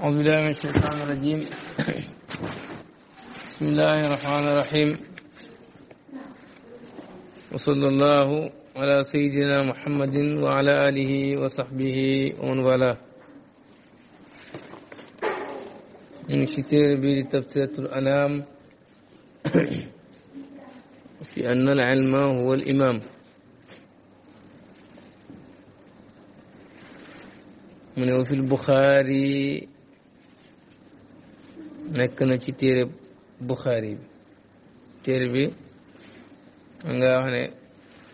أعوذ بالله من الشيطان الرجيم بسم الله الرحمن الرحيم وصلى الله على سيدنا محمد وعلى آله وصحبه ومن والاه من شتير بيد تفسير الأنام في أن العلم هو الإمام من هو في البخاري nekk na ci téere Buxaari bi téere bi nga wax ne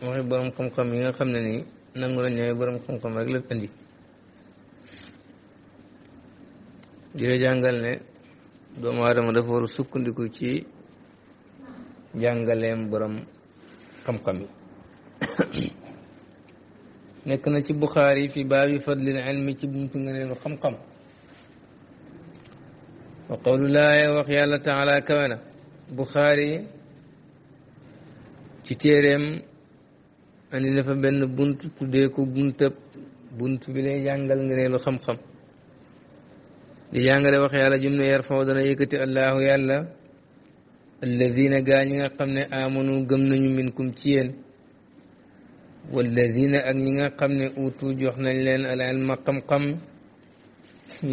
waxi borom xam-xam yi nga xam ne nii nangu la ñooy borom xam-xam rek la indi di la jàngal ne doomu aadama dafa war sukkandiku ci jàngaleem borom xam-xam yi nekk na ci Buxaari fi baabi fadlil ilmi ci buntu ngëneelu xam-xam وقول لا يوقي الله تعالى كمانا بخاري تتيرم أن لفا بن بنت تديكو بنت بنت بلي جانجل نريلو خم خم لجانجل وقي الله جمنا يرفو دنا يكتي الله يالا الذين قانين قمنا آمنوا قمنا منكم تيين والذين أغنين قمنا أوتوا جوحنا لين العلم قم قم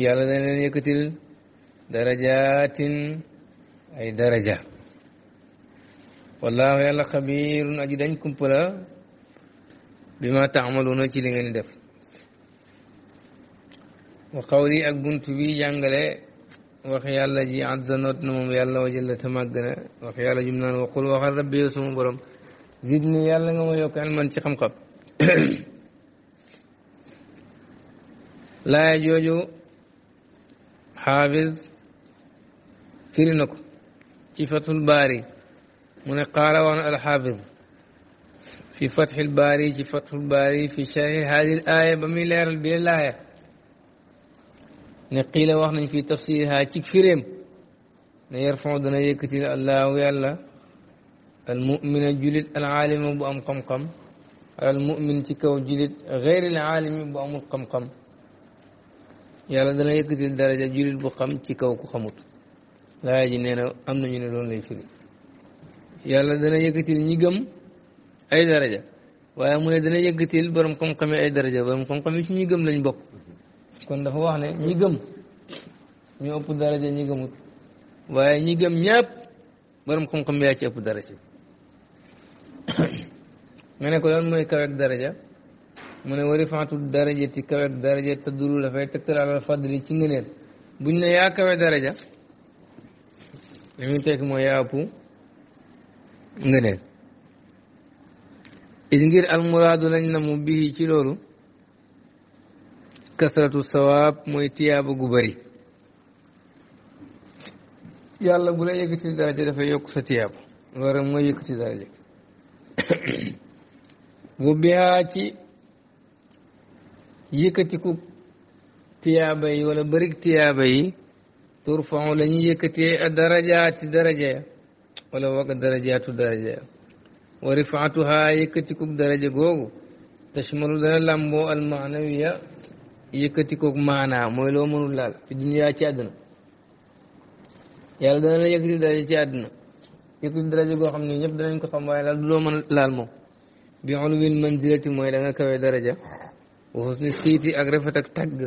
يالا دنا يكتل يكتي darajaatin ay daraja wallaahu yàlla xabiirun aji dañ kumpala bi ma taamaluuna ci li ngeen def wa qawli ak bunt bi jàngale wax yàlla ji azza noot na moom yàlla wa jalla te màgg na wax yàlla jum naan waqul waxal rabbi yow sama borom zidni yàlla nga ma yokk ilman ci xam-xam laaya jooju xaafis ترينك في فتح الباري من قال وانا الحافظ في فتح الباري في فتح الباري في شرح هذه الآية بمن لا يرى الله نقيل وحنا في تفسيرها تكفرهم نيرفع دنا يكتل الله ويا الله المؤمن الجلد العالم بأم قمقم المؤمن تكو جلد غير العالم بأم قمقم يا الله دنا يكتل درجة جلد بقم تكو خمط laaya ji nee na am na ñu ne loolu lay firi yàlla dana yëkkatil ñi gëm ay daraja waaye mu ne dana yëkkatil borom xam-xam yi ay daraja borom xam-xam yi ci ñi gëm lañ bokk kon dafa wax ne ñi gëm ñu ëpp daraja ñi gëm ñépp borom xam-xam yaa ci ëpp daraja nga ne ko lan mooy kaweeg daraja mu ne wari faatu daraja ti kaweeg daraja te duru dafay tegtal alal fadli ci ngëneel buñ ne yaa kawe daraja li muy tekk mooy yaa ëpp nga neel is ngir almuraadu lañ na mu bii ci loolu kasratu sawaab mooy tiyaaba gu bari yàlla bu la yëkkati daraja dafay yokk sa tiyaaba waram mooy yëkkati daraja bu bihaa ci yëkkatiku tiyaaba yi wala bërig tiyaaba yi turfau la ñuy yëkkatee a darajaati daraja ya wala waga darajaatu daraja ya wa rifaatuha yëkkatikug daraja googu tashmalu dana làmboo almaanawiya yëkkatikug maanaa mooy loo mënul laal fi duniyaa ci àdduna yàlla dana la yëkkati daraja ci àdduna yëkkati daraja goo xam ne ñëpp danañ ko xam waaye daal du loo mën laal moom bi ulwin manzilati mooy da nga kawee daraja wa husni siiti ak rafet ak tàgg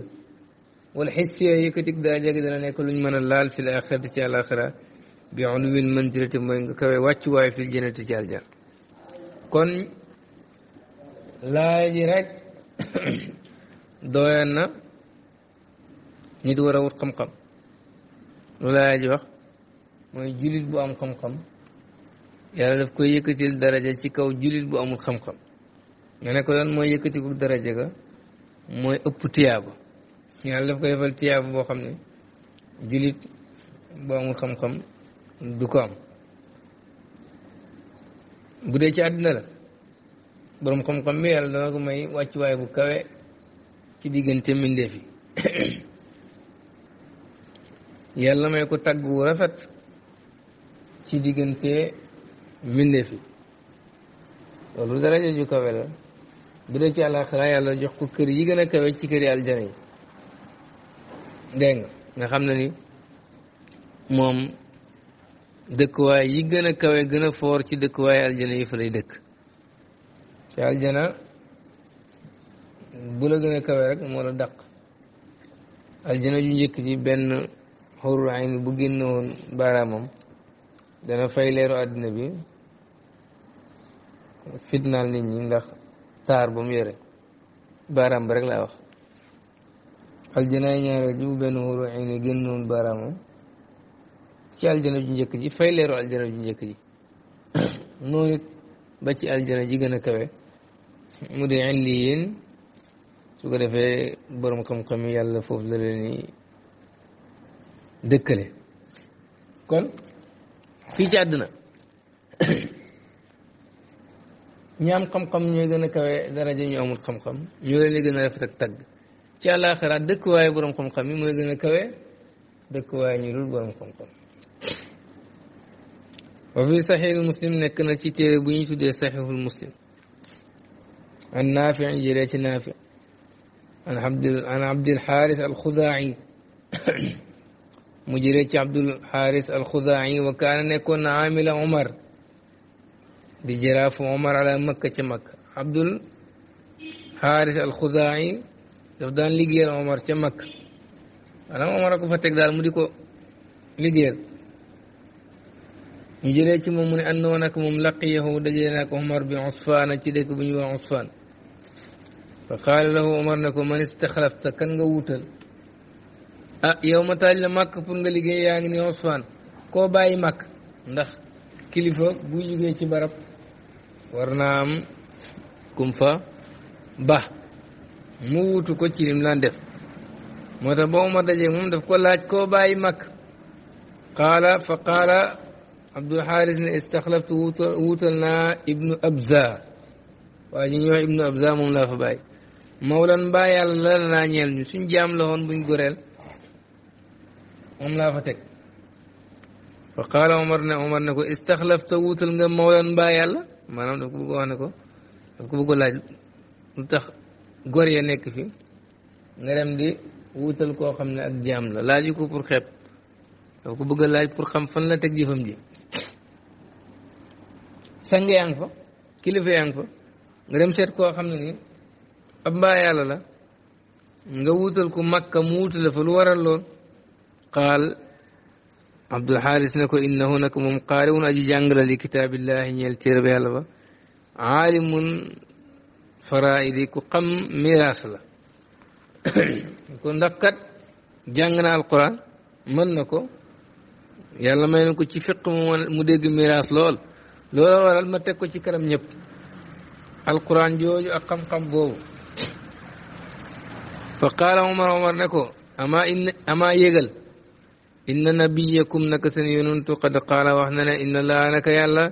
wala xisiya yëkkatik daraja gi dana nekk luñ mën a laal fil axirati ci àlaxira bi ulwil manzilati mooy nga kawe wàccuwaay fil jannati ci aljan kon laaya ji rek dooyan na nit a wut xam-xam laaya ji wax mooy julit bu am xam-xam yàlla daf koy yëkkatil daraja ci kaw julit bu amul xam-xam nga ne ko mooy yëkkatiku daraja ga mooy ëpp tiyaaba yàlla daf ko defal tiyaabu boo xam ne jullit boo amul xam-xam du ko am bu dee ci àddina la boroom xam-xam bi yàlla dana ko may wàccuwaay bu kawe ci diggante mbindeef yi yàlla may ko tagg wu rafet ci diggante mbindeef yi loolu daraja ju kawe la bu dee ci yàlla jox ko kër yi gën a kawe ci kër yi aljana yi dégg nga xam na ni moom dëkkuwaay yi gën a kawe gën a foor ci dëkkuwaay aljana yi fa lay dëkk te aljana bu la gën a kawe rek moo la daq aljana ju njëkk ji benn xurul ayn bu génn baaraamam dana fay leeru àddina bi fitnaal nit ñi ndax taar ba mu yore baaraam bi rek laa wax aljana yi ñaareel ji bu benn wóoru ay ne génnoon baaraamam ci aljana ju njëkk ji fay leeru aljana ju njëkk ji noonu it ba ci aljana ji gën a kawe mu di illiyin su ko defee borom xam-xam yi yàlla foofu la leen ni dëkkale kon fii ci àdduna ñi am xam-xam ñooy gën a kawe daraja ñu amul xam-xam ñoo leen di gën a rafet ak tagg ci àllaaxiraat dëkkuwaayu borom xam-xam yi mooy gën a kawe dëkkuwaay ñu dul borom xam-xam wa fi saxiixul muslim nekk na ci téere bu ñu tuddee saxiixul muslim an naafi jëlee ci naafi an abd an abdul xaaris alxudaaci mu jëlee ci abdul xaaris alxudaaci wa kaana nekkoon na amila omar di jaraafu omar ala makka ca makka abdul xaaris alxudaaci daf daan liggéeyal Omar ca mag maanaam Omar ko fa teg daal mu di ko liggéeyal ñu jëlee ci moom mu ne ànd ak moom laqiyahu dajee naa ko Omar bi Usfaana ci dëkk bu ñu wax Usfaan fa qaala lahu Omar ne ko man istaxlafta kan nga wuutal ah yow ma taaj la màkk pour nga liggéey yaa ngi ni Usfaan koo bàyyi màkk ndax kilifa buy liggéey ci barab war naa am kum fa ba mu wutu ko ci lim laan def moo tax ba Umar dajeeg moom daf ko laaj koo bàyyi mag qaala fa qaala Abdul Xaaris ne istaxlaftu wuutal naa ibnu Abza waaye ñu ñuy wax ibnu Abza moom laa fa bàyyi mawlan mbaa yàlla la suñ jaam la buñ goreel moom laa fa teg fa qaala Omar ne Omar ne ko istaxlafta wuutal nga mawlan mbaa yàlla maanaam daf ko bëgg wax ne ko daf ko bëgg a laaj lu gor ya nekk fi nga dem di wuutal koo xam ne ak jaam la laaju ko pour xeeb doo ko bëgg a laaj pour xam fan la teg jëfam ji sang yaa fa kilifa yaa fa nga dem seet koo xam ne ni ab mbaa la nga wuutal ko makka mu wuutale fa lu waral lool qaal abdul xaaris ne ko innahu nag moom qaariun aji jàng la li kitaabillahi ñeel téere bi yàlla ba aalimun faraidi ku xam miraas la ko ndax kat jàng na alquran mën na ko yàlla may na ko ci fiq mu dégg miraas lool loola waral ma teg ko ci kanam ñëpp alquran jooju ak xam-xam boobu fa qaala omar omar ne ko amaa in amaa yégal na nabiyakum naka seen yonuntu qad qaala wax na ne inna laa naka yàlla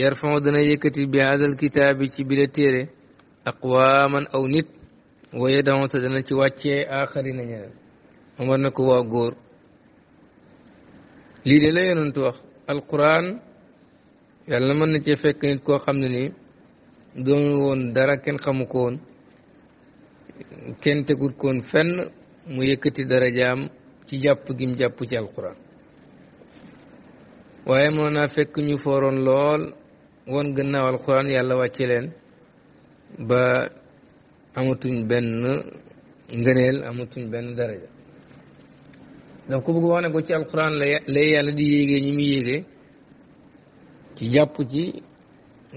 yarfau dana yëkkati bi hadal kitaabi ci bi la téere aqwaaman aw nit waaye dama te dana ci wàcce aaxari na ñeneen amar na ko waa góor lii de la yonent wax alquran yàlla mën na cee fekk nit koo xam ne ni doon woon dara kenn xamu ko woon kenn tegut koon fenn mu yëkkati darajaam ci jàpp gi mu jàpp ci alquran waaye moo naa fekk ñu fooroon lool woon gannaaw alquran yàlla wàcce leen ba amatuñ benn ngëneel amatuñ benn daraja daf ko bëgg wax ne ko ci alquran la lay yàlla di yéegee ñi muy yéegee ci jàpp ci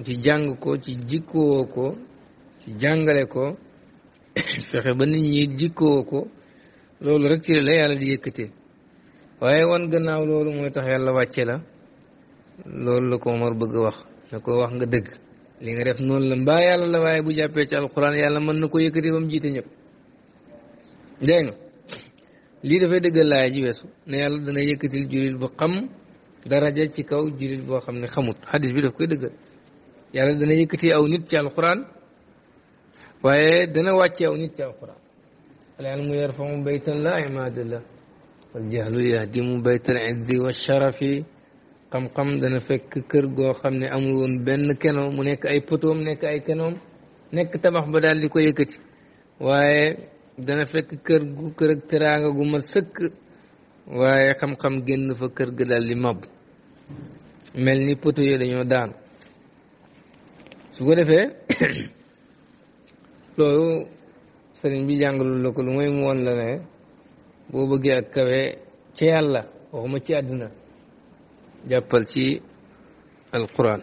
ci jàng ko ci jikkoo ko ci jàngale ko fexe ba nit ñi jikkoo ko loolu rek ci la yàlla di yëkkatee waaye wan gannaaw loolu mooy tax yàlla wàcce la loolu la ko Omar bëgg wax ne ko wax nga dëgg li nga def noonu la mbaa yàlla la waaye bu jàppee ci alquran yàlla mën na ko yëkkati ba mu jiite ñëpp dégg nga lii dafay dëggal laaya ji weesu ne yàlla dana yëkkatil jullit bu xam daraja ci kaw jullit boo xam ne xamut xadis bi daf koy dëggal yàlla dana yëkkati aw nit ci alquran waaye dana wàcce aw nit ci alquran alilmu yarfamu baytan la imaadullah waljahlu yahdimu baytal izzi wa sharafi xam-xam dana fekk kër goo xam ne amul benn keno mu nekk ay potoom nekk ay kenoom nekk tabax ba daal di ko yëkkati waaye dana fekk kër gu kër ak teraanga gu ma sëkk waaye xam-xam génn fa kër ga dal di mab mel ni poto yi dañoo daanu su ko defee loolu sëriñ bi jàngalul la ko lu mooy mu woon la ne boo bëggee ak kawe ci yàlla waxuma ci àdduna jàppal ci alquran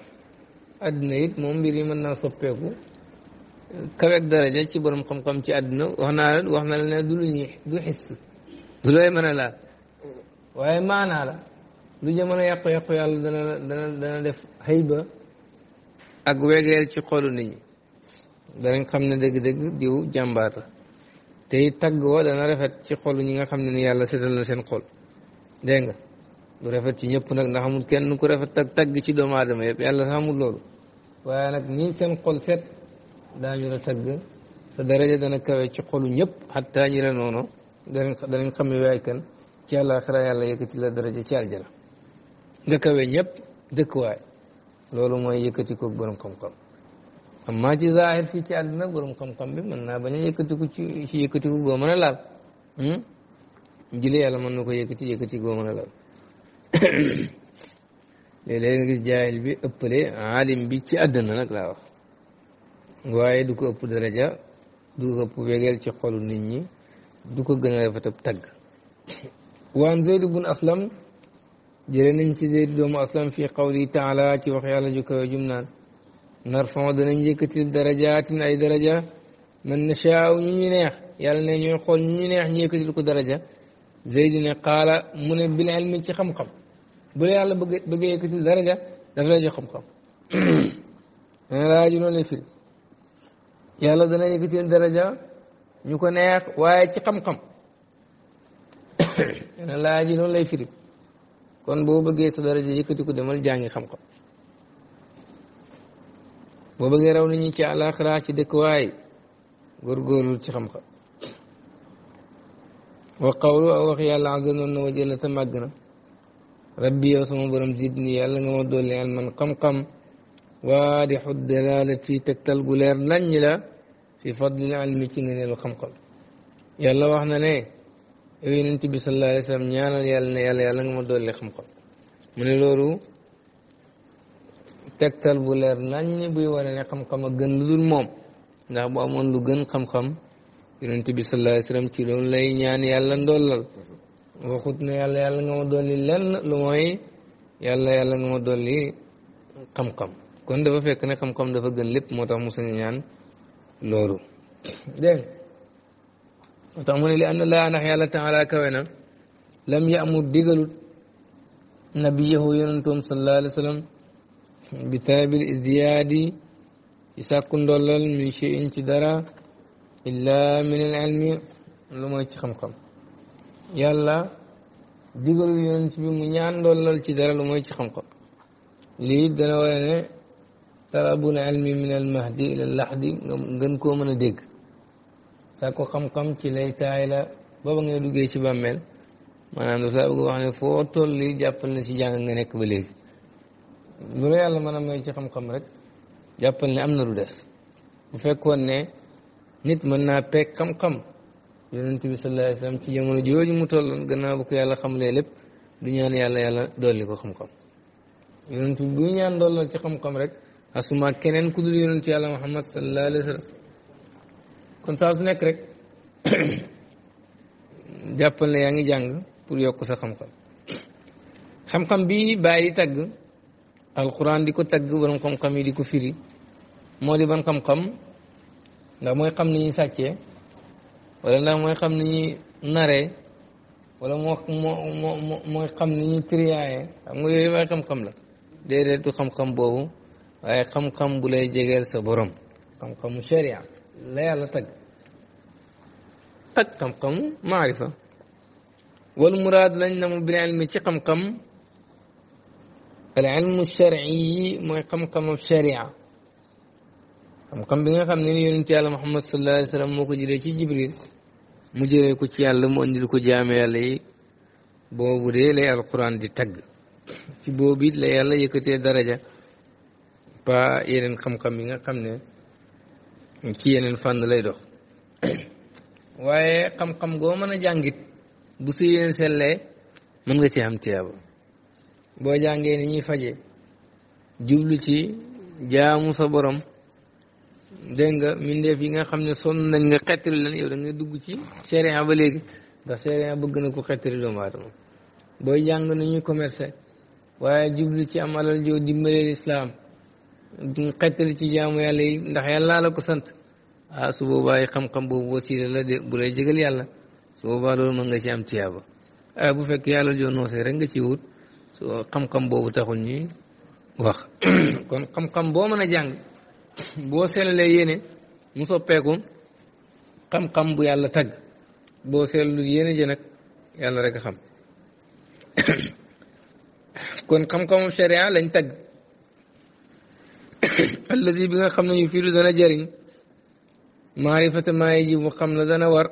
àddina it moom mbir yi mën naa soppeeku kaweeg daraja ci borom xam-xam ci àddina wax naa la wax na la ne du lu ñuy du xis du looy mën a laa waaye maanaa la lu jamono yàqu-yàqu yàlla dana dana dana def xëyba ak wegeel ci xolu nit ñi danañ xam ne dëgg-dëgg diw jàmbaar la te it tagg wa dana rafet ci xolu ñi nga xam ne ni yàlla setal na seen xol dégg nga lu rafet ci ñëpp nag ndaxamul kenn ku rafet tag tagg ci doomu aadama yëpp yàlla sax amul loolu waaye nag nii seen xol set daañu la tagg sa daraja dana kawe ci kolu ñëpp xataa ñi la noonu danañ xam ne waay kan ci yàlla yëkkati la daraja ci aljana nga kawe ñëpp dëkkuwaay loolu mooy yëkkati ko borom xam-xam amma ci zaahir fii ci àddina borom xam-xam bi mën naa bañ a yëkkatiku ci ci yëkkatiku goo mën a laal hmm? jëlee yàlla mën na ko yëkkati yëkkati goo mën a laal léeg-léeg nga gis jaahil bi ëppale aalim bi ci àddina nag laa wax waaye du ko ëpp daraja du ko ëpp wegeel ci xolu nit ñi du ko gën a rafet ab tagg waan zeyd bun aslam jële nañ ci zeyd doomu aslam fii qawli taala ci wax yàlla ju kawe jum naan narfon danañ yëkkatil darajaatin ay daraja na nashaa'u ñu neex yàlla ne ñooy xool ñu ñu neex ñu yëkkatil zeyd ne qaala mu ne bil ilmi ci xam-xam bu yàlla bëgg bëgg yëkkati daraja daf lay jox xam-xam dana laaju noonu lay firi yàlla dana yëkkati daraja ñu ko neex waaye ci xam-xam dana laaju noonu lay firi kon boo bëggee sa daraja yëkkati ko demal jàngi xam-xam boo bëggee raw nit ñi ci àllaaxira ci dëkkuwaay góorgóorlu ci xam-xam wa qawlu ak yàlla azza noonu na wajal na te rabbi yow sama borom zidni yàlla nga ma dolli alman xam-xam waadixu dalalati tegtal gu leer la fi fadlil a ci nga wax na ne yow yonent bi sallallahu alayhi yàlla ne nga ma dolli xam-xam mu ne loolu tegtal bu leer naññ buy wane ne xam-xam a gën lu dul moom ndax bu amoon lu gën xam-xam yonent bi sallallahu alayhi wa sallam ci loolu lay ñaan yàlla ndollal waxut ne yàlla yàlla nga ma dolli lenn lu mooy yàlla yàlla nga ma dolli xam kon dafa fekk ne xam dafa gën lépp moo tax mu sañ loolu dégg moo tax mu ne li anna laa ndax yàlla na lam yamur digalut nabiyahu yonentoom sallallahu alayhi wa sallam bi talabil izdiyaadi ci sàkku min ci dara illa min al ilmi ci xam yàlla digalul yonent bi mu ñaan ndollal ci dara lu mooy ci xam-xam lii dana war a ne min al ila lahdi nga koo mën a dégg ko xam ci lay la booba ci bàmmeel maanaam li jàppal na si jàng nga nekk ba léegi lu la yàlla mën a may ci xam-xam rek jàppal ne am na lu des bu fekkoon ne nit mën naa peeg xam-xam yonent bi sallallahu alayhi wasallam ci jamono jooju mu tolloon gannaaw bu ko yàlla xam xamlee lépp du ñaan yàlla yàlla dolli ko xam-xam yonent bi bu ñaan dollal ci xam-xam rek asuma keneen ku dul yonent yàlla muhammad sallallahu alayhi wasallam kon saa su nekk rek jàppal ne yaa ngi jàng pour yokk sa xam-xam xam-xam bi bàyyi di tagg alquran di ko tagg borom xam-xam yi di ko firi moo di ban xam-xam ndax mooy xam ni ñu sàccee ولا لا موي خامني ناري ولا مو موي خامني ترياي موي موي خام خام لا ديري تو خام خام بوبو واي خام خام بولاي جيغال سا كم كم شريعه لا لا تك تك خام خام معرفه والمراد لن نم بالعلم تي كم خام العلم الشرعي كم كم خام الشريعه xam kambi nga xam ne ni yonent yàlla mohamad salalla alih sallam moo ko jëlee ci jibril mu jëlee ko ci yàlla mu andil ko jaame yàlla yi boobu dee lay alquran di tagg ci boobu it la yàlla yëkkatee daraja pas yeneen xam-xam yi nga xam ne ci yeneen fànn lay dox waaye xam-xam goo mën a jàngit bu su yeneen sellee mën nga ci am tiyaaba boo jàngee ni ñuy faje jublu ci jaamu sa borom dégg nga mindeef yi nga xam ne sonn nañ nga xettali lan yow da nga dugg ci sharia ba léegi ndax sharia bëgg na ko xettali doomu aadama booy jàng na ñuy commercer waaye jublu ci am alal joo dimbaleel islaam xettali ci jaamu yàlla yi ndax yàlla la ko sant ah su boobaa xam-xam boobu wasiila la de bu lay jégal yàlla su boobaa loolu nga ci am tiyaaba waaye ah, bu fekk yàlla joo noosee rek nga ci wut soo xam-xam boobu taxul ñuy boo seelalee yéene mu soppeeku xam-xam bu yàlla tagg boo seelul yéene ji nag yàlla rekk a xam kon xam-xamu sharia lañ tagg allazi bi nga xam ne ñu fiiru dana jëriñ maarifata maa yi ji mu xam la dana war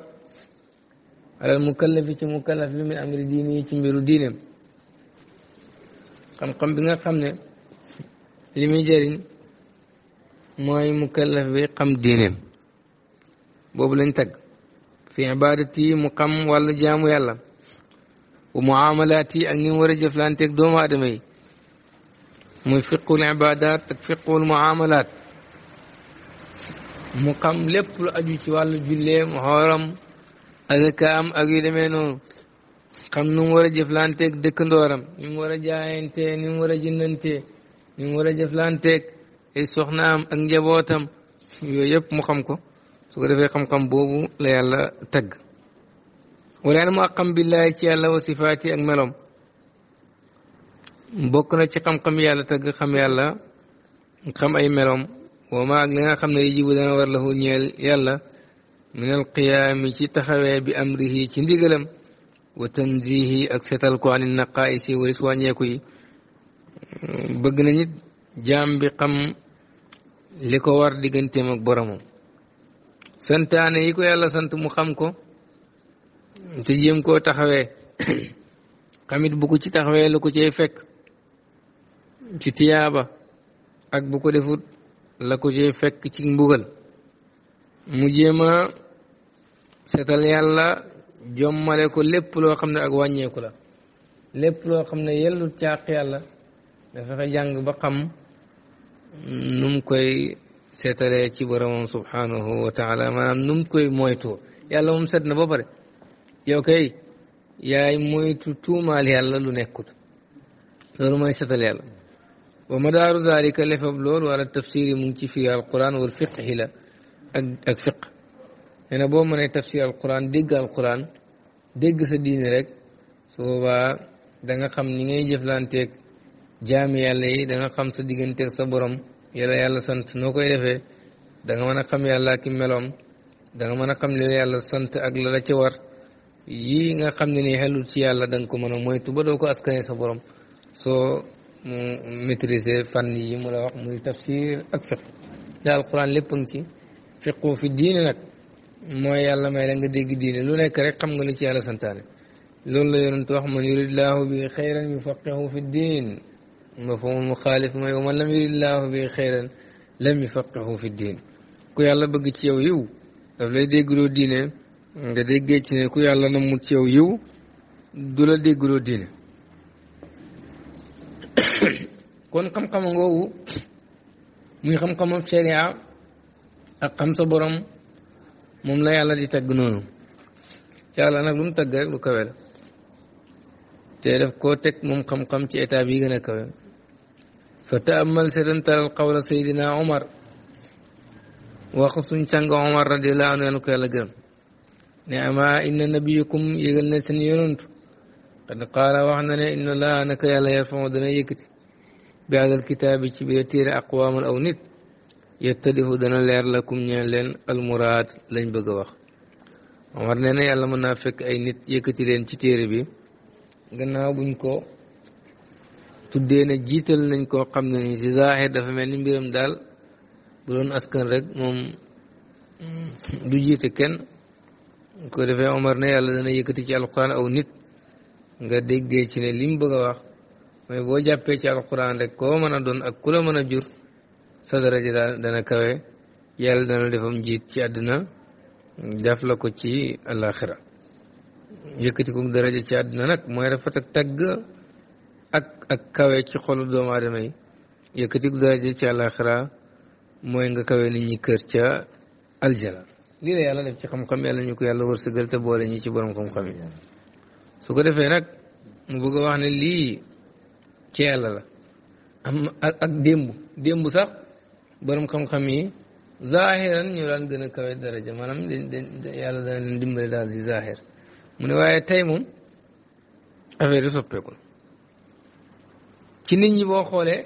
mu mukallafi ci mukallaf bi min amri diine ci mbiru diineem xam-xam bi nga xam ne li muy mooy mukallaf bi xam diineem boobu lañ tagg fi ibadat yi mu xam wàllu jaamu yàlla wa muamalaat yi ak ni mu war a jëflanteeg doomu aadama yi muy fiqul ibadat ak fiqul muamalaat mu xam lépp lu aju ci wàllu julleem xooram azakaam ak yu demee noonu xam nu mu war a jëflanteeg dëkkandooram ni mu war a jaayantee ni mu war a jëndantee ni mu war a jëflanteeg ay soxnaam ak njabootam yooyu yëpp mu xam ko su ko defee xam-xam boobu la yàlla tagg wala yàlla mu aqam billaahi ci yàlla wa sifaati ak melom bokk na ci xam-xam yàlla tagg xam yàlla xam ay melom wa ma ak li nga xam ne yijibu dana war lahu ñeel yàlla min al alqiyaami ci taxawee bi amrihi ci ndigalam wa tanzihi ak setal ko ani naqaayisi walis wàññeeku yi bëgg na nit jaam bi xam li ko war digganteem ak boromam santaane yi ko yàlla sant mu xam ko te jéem koo taxawee xamit bu ko ci taxawee lu ko cay fekk ci tiyaaba ak bu ko la ko cay fekk ci mbugal mu jéem a setal yàlla jommale ko lépp loo xam ne ak wàññeeku la lépp loo xam ne yellut càq yàlla dafa fexe jàng ba xam nu koy seetalee ci boromam subhanahu wa taala maanaam koy moytoo yàlla moom set na ba pare yow kay yaay moytu tuumaal yàlla lu nekkut moy mooy setal yàlla wa madaaru zalika lefab loolu wala tafsir yi mu ngi ci fii alquran wal fiqhi la ak ak fiq nee na boo mënee tafsir alquran dégg sa diine rek su boobaa da nga xam ni ngay jëflanteeg jaam yàlla yi da nga xam sa digganteeg sa borom yàlla yàlla sant noo koy defee da mën a xam yàlla ki meloom da mën a xam li la yàlla sant ak la la ca war yii nga xam ne nii xelul ci yàlla da nga ko mën a moytu ba doo ko askane sa borom soo mu maîtriser fànn yi mu la wax muy tafsir ak fiq daal alquran lépp ngi ci fiqu fi diine nag mooy yàlla may la nga dégg diine lu nekk rek xam nga lu ci yàlla santaane loolu la yonent wax man yuridlaahu bi xayran yufaqihu fi diin mafhumul muxaalif mooy wa yàlla bëgg ci yow yiw daf lay déggloo nga déggee ci ci yow yiw du la déggloo diine kon xam-xam ngoogu muy xam-xamam sharia moom la yàlla di tagg noonu yàlla nag lu mu tagg rek lu kawe te daf koo teg moom xam-xam ci état bi gën a kawe fa taamal seetantalal qawla saydina omar waxu suñ sang omar radiallahu anhu yàlla ko yàlla ne ama inna nabiyakum yëgal na seen yonantu qad qaala wax na ne inna laa naka yàlla yarfamo dana yëkkati bi hadal kitaabi ci bi téere aqwaaman aw nit yettadihu dana leer lakum ñeen leen almuraad lañ bëgg a wax omar nee na yàlla mën ay nit yëkkati leen ci téere bi gannaaw buñ ko tuddee ne jiital nañ koo xam ne ni si zaaxir dafa mel ni mbiram daal bu doon askan rek moom du jiite kenn ko defee Omar ne yàlla dana yëkkati ci alquran aw nit nga déggee ci ne lim bëgg a wax mais boo jàppee ci alquran rek koo mën a doon ak ku la mën a jur sa daraja daal dana kawe yàlla dana defam jiit ci àddina def la ko ci alaxira yëkkati ko daraja ci àddina nag mooy rafet ak tagg ak ak kawe ci xolu doomu aadama yi yëkkati gu daraja ci àllaaxira mooy nga kawe ni ñi kër ci aljana lii la yàlla dem ci xam-xam yàlla ñu ko yàlla wërsëgal te boole ñi ci borom xam-xam yi ko defee nag mu bëgg wax ne lii ci yàlla la am ak ak démb sax borom xam-xam yi zaahiran ñu daan gën a kawe daraja maanaam yàlla dana leen dimbale daal di zaahir mu ne waaye tey moom affaire yi ci nit ñi boo xoolee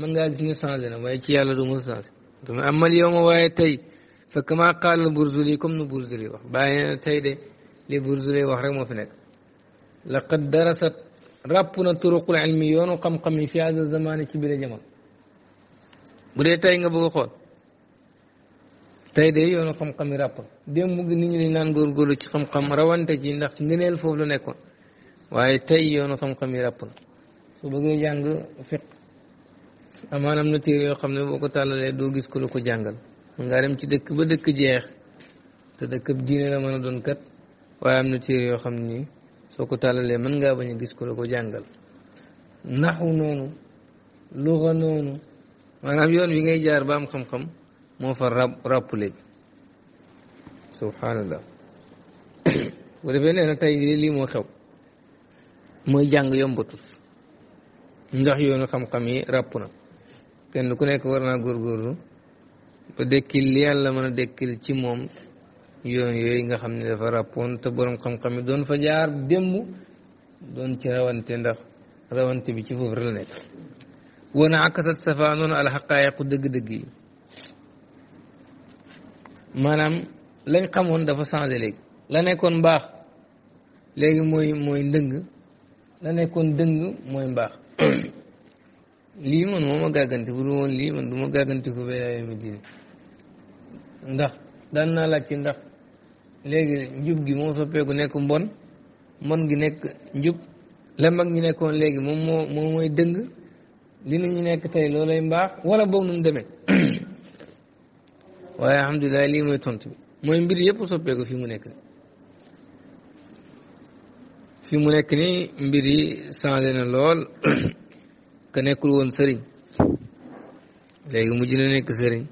mën ngaa gis ne na waaye ci yàlla du mos a changé dama waaye tey fa kama qaala Burzuli comme nu Burzuli wax bàyyi na tey de li Burzuli wax rek moo fi nekk laqad darasat ràpp na turuqul ilmi yoonu xam yi fi haaza zamaani ci biir jamono bu dee tey nga bëgg a xool de yoonu xam-xam yi ràpp démb nit ñi dañ naan ci xam-xam rawante ci ndax foofu la nekkoon waaye tey yoonu xam yi ràpp na su bëggee jàng fiq amaan am na téere yoo xam ne boo ko tàllalee doo gis ko la ko jàngal mën ngaa dem ci dëkk ba dëkk jeex te dëkk diine la mën a doon kat waaye am na téere yoo xam ni soo ko tàllalee mën ngaa bañ a gis ko la ko jàngal naxu noonu luxa noonu maanaam yoon wi ngay jaar ba am xam-xam moo fa rab ràpp léegi subhanallah bu defee nee na tey lii moo xew mooy jàng yombatul ndax yoonu xam-xam yi ràpp na kenn ku nekk war naa góorgóorlu ba dékkil li yàlla mën a dékkil ci moom yoon yooyu nga xam ne dafa ràppoon te boroom xam-xam yi doon fa jaar démb doon ci rawante ndax rawante bi ci foofu la nekk wana akasat safa noonu alxaqaayiqu dëgg-dëgg yi maanaam lañ xamoon dafa changé léegi la nekkoon mbaax léegi mooy mooy ndëng la nekkoon dëng mooy mbaax lii man moo ma gàggante bu dul woon lii man du ma gàggante ko ba yaay mi diine ndax daan naa laaj ci ndax léegi njub gi moo soppeeku nekk mbon mbon gi nekk njub la mag ñi nekkoon léegi moom moo moom mooy dëng li na ñu nekk tey loolay mbaax wala boog nu mu demee waaye alhamdulilah lii mooy tontu bi mooy mbir yëpp soppeeku fi mu nekk fi mu nekk ni mbir yi changé na lool ka nekkul woon sëriñ léegi mujj na nekk sëriñ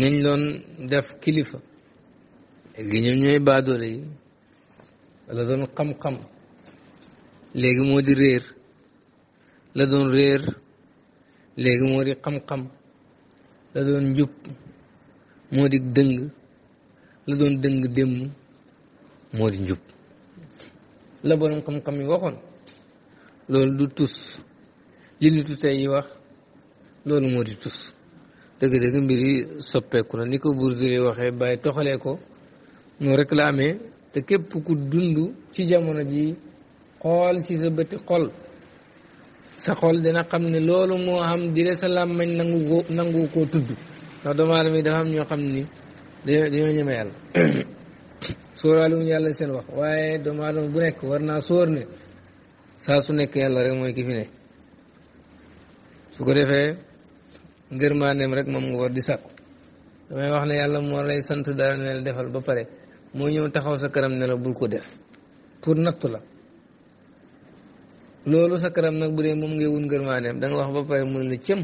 nañ doon def kilifa léegi ñoom ñooy baadoole yi la doon xam-xam léegi moo di réer la doon réer léegi moo di xam-xam la doon njub moo di dëng la doon dëng démm moo di njub la borom xam-xam yi waxoon loolu du tus li nitu tey yi wax loolu moo di tus dëgg-dëgg mbir soppeeku na ni ko buur Bourdieu waxee bàyyi toxalee ko noo rek la amee te képp ku dund ci jamono ji xool ci sa bëti xol sa xol dina xam ne loolu moo am di la sa làmmañ nangu ko tudd ndax doomu aadama yi dafa am ñoo xam ni dañoo ñeme yàlla sóoraale wuñu yàlla seen wax waaye doomu aadama bu nekk war naa sóor ne saa su nekk yàlla rek mooy ki fi ne su ko defee ngërmaaneem rek moom nga war di sàkku damay wax ne yàlla moo lay sant dara ne la defal ba pare moo ñëw taxaw sa kanam ne la ko def pour nattu la loolu sa kanam nag bu dee moom ngay wut ngërmaaneem da nga wax ba pare mu la cëm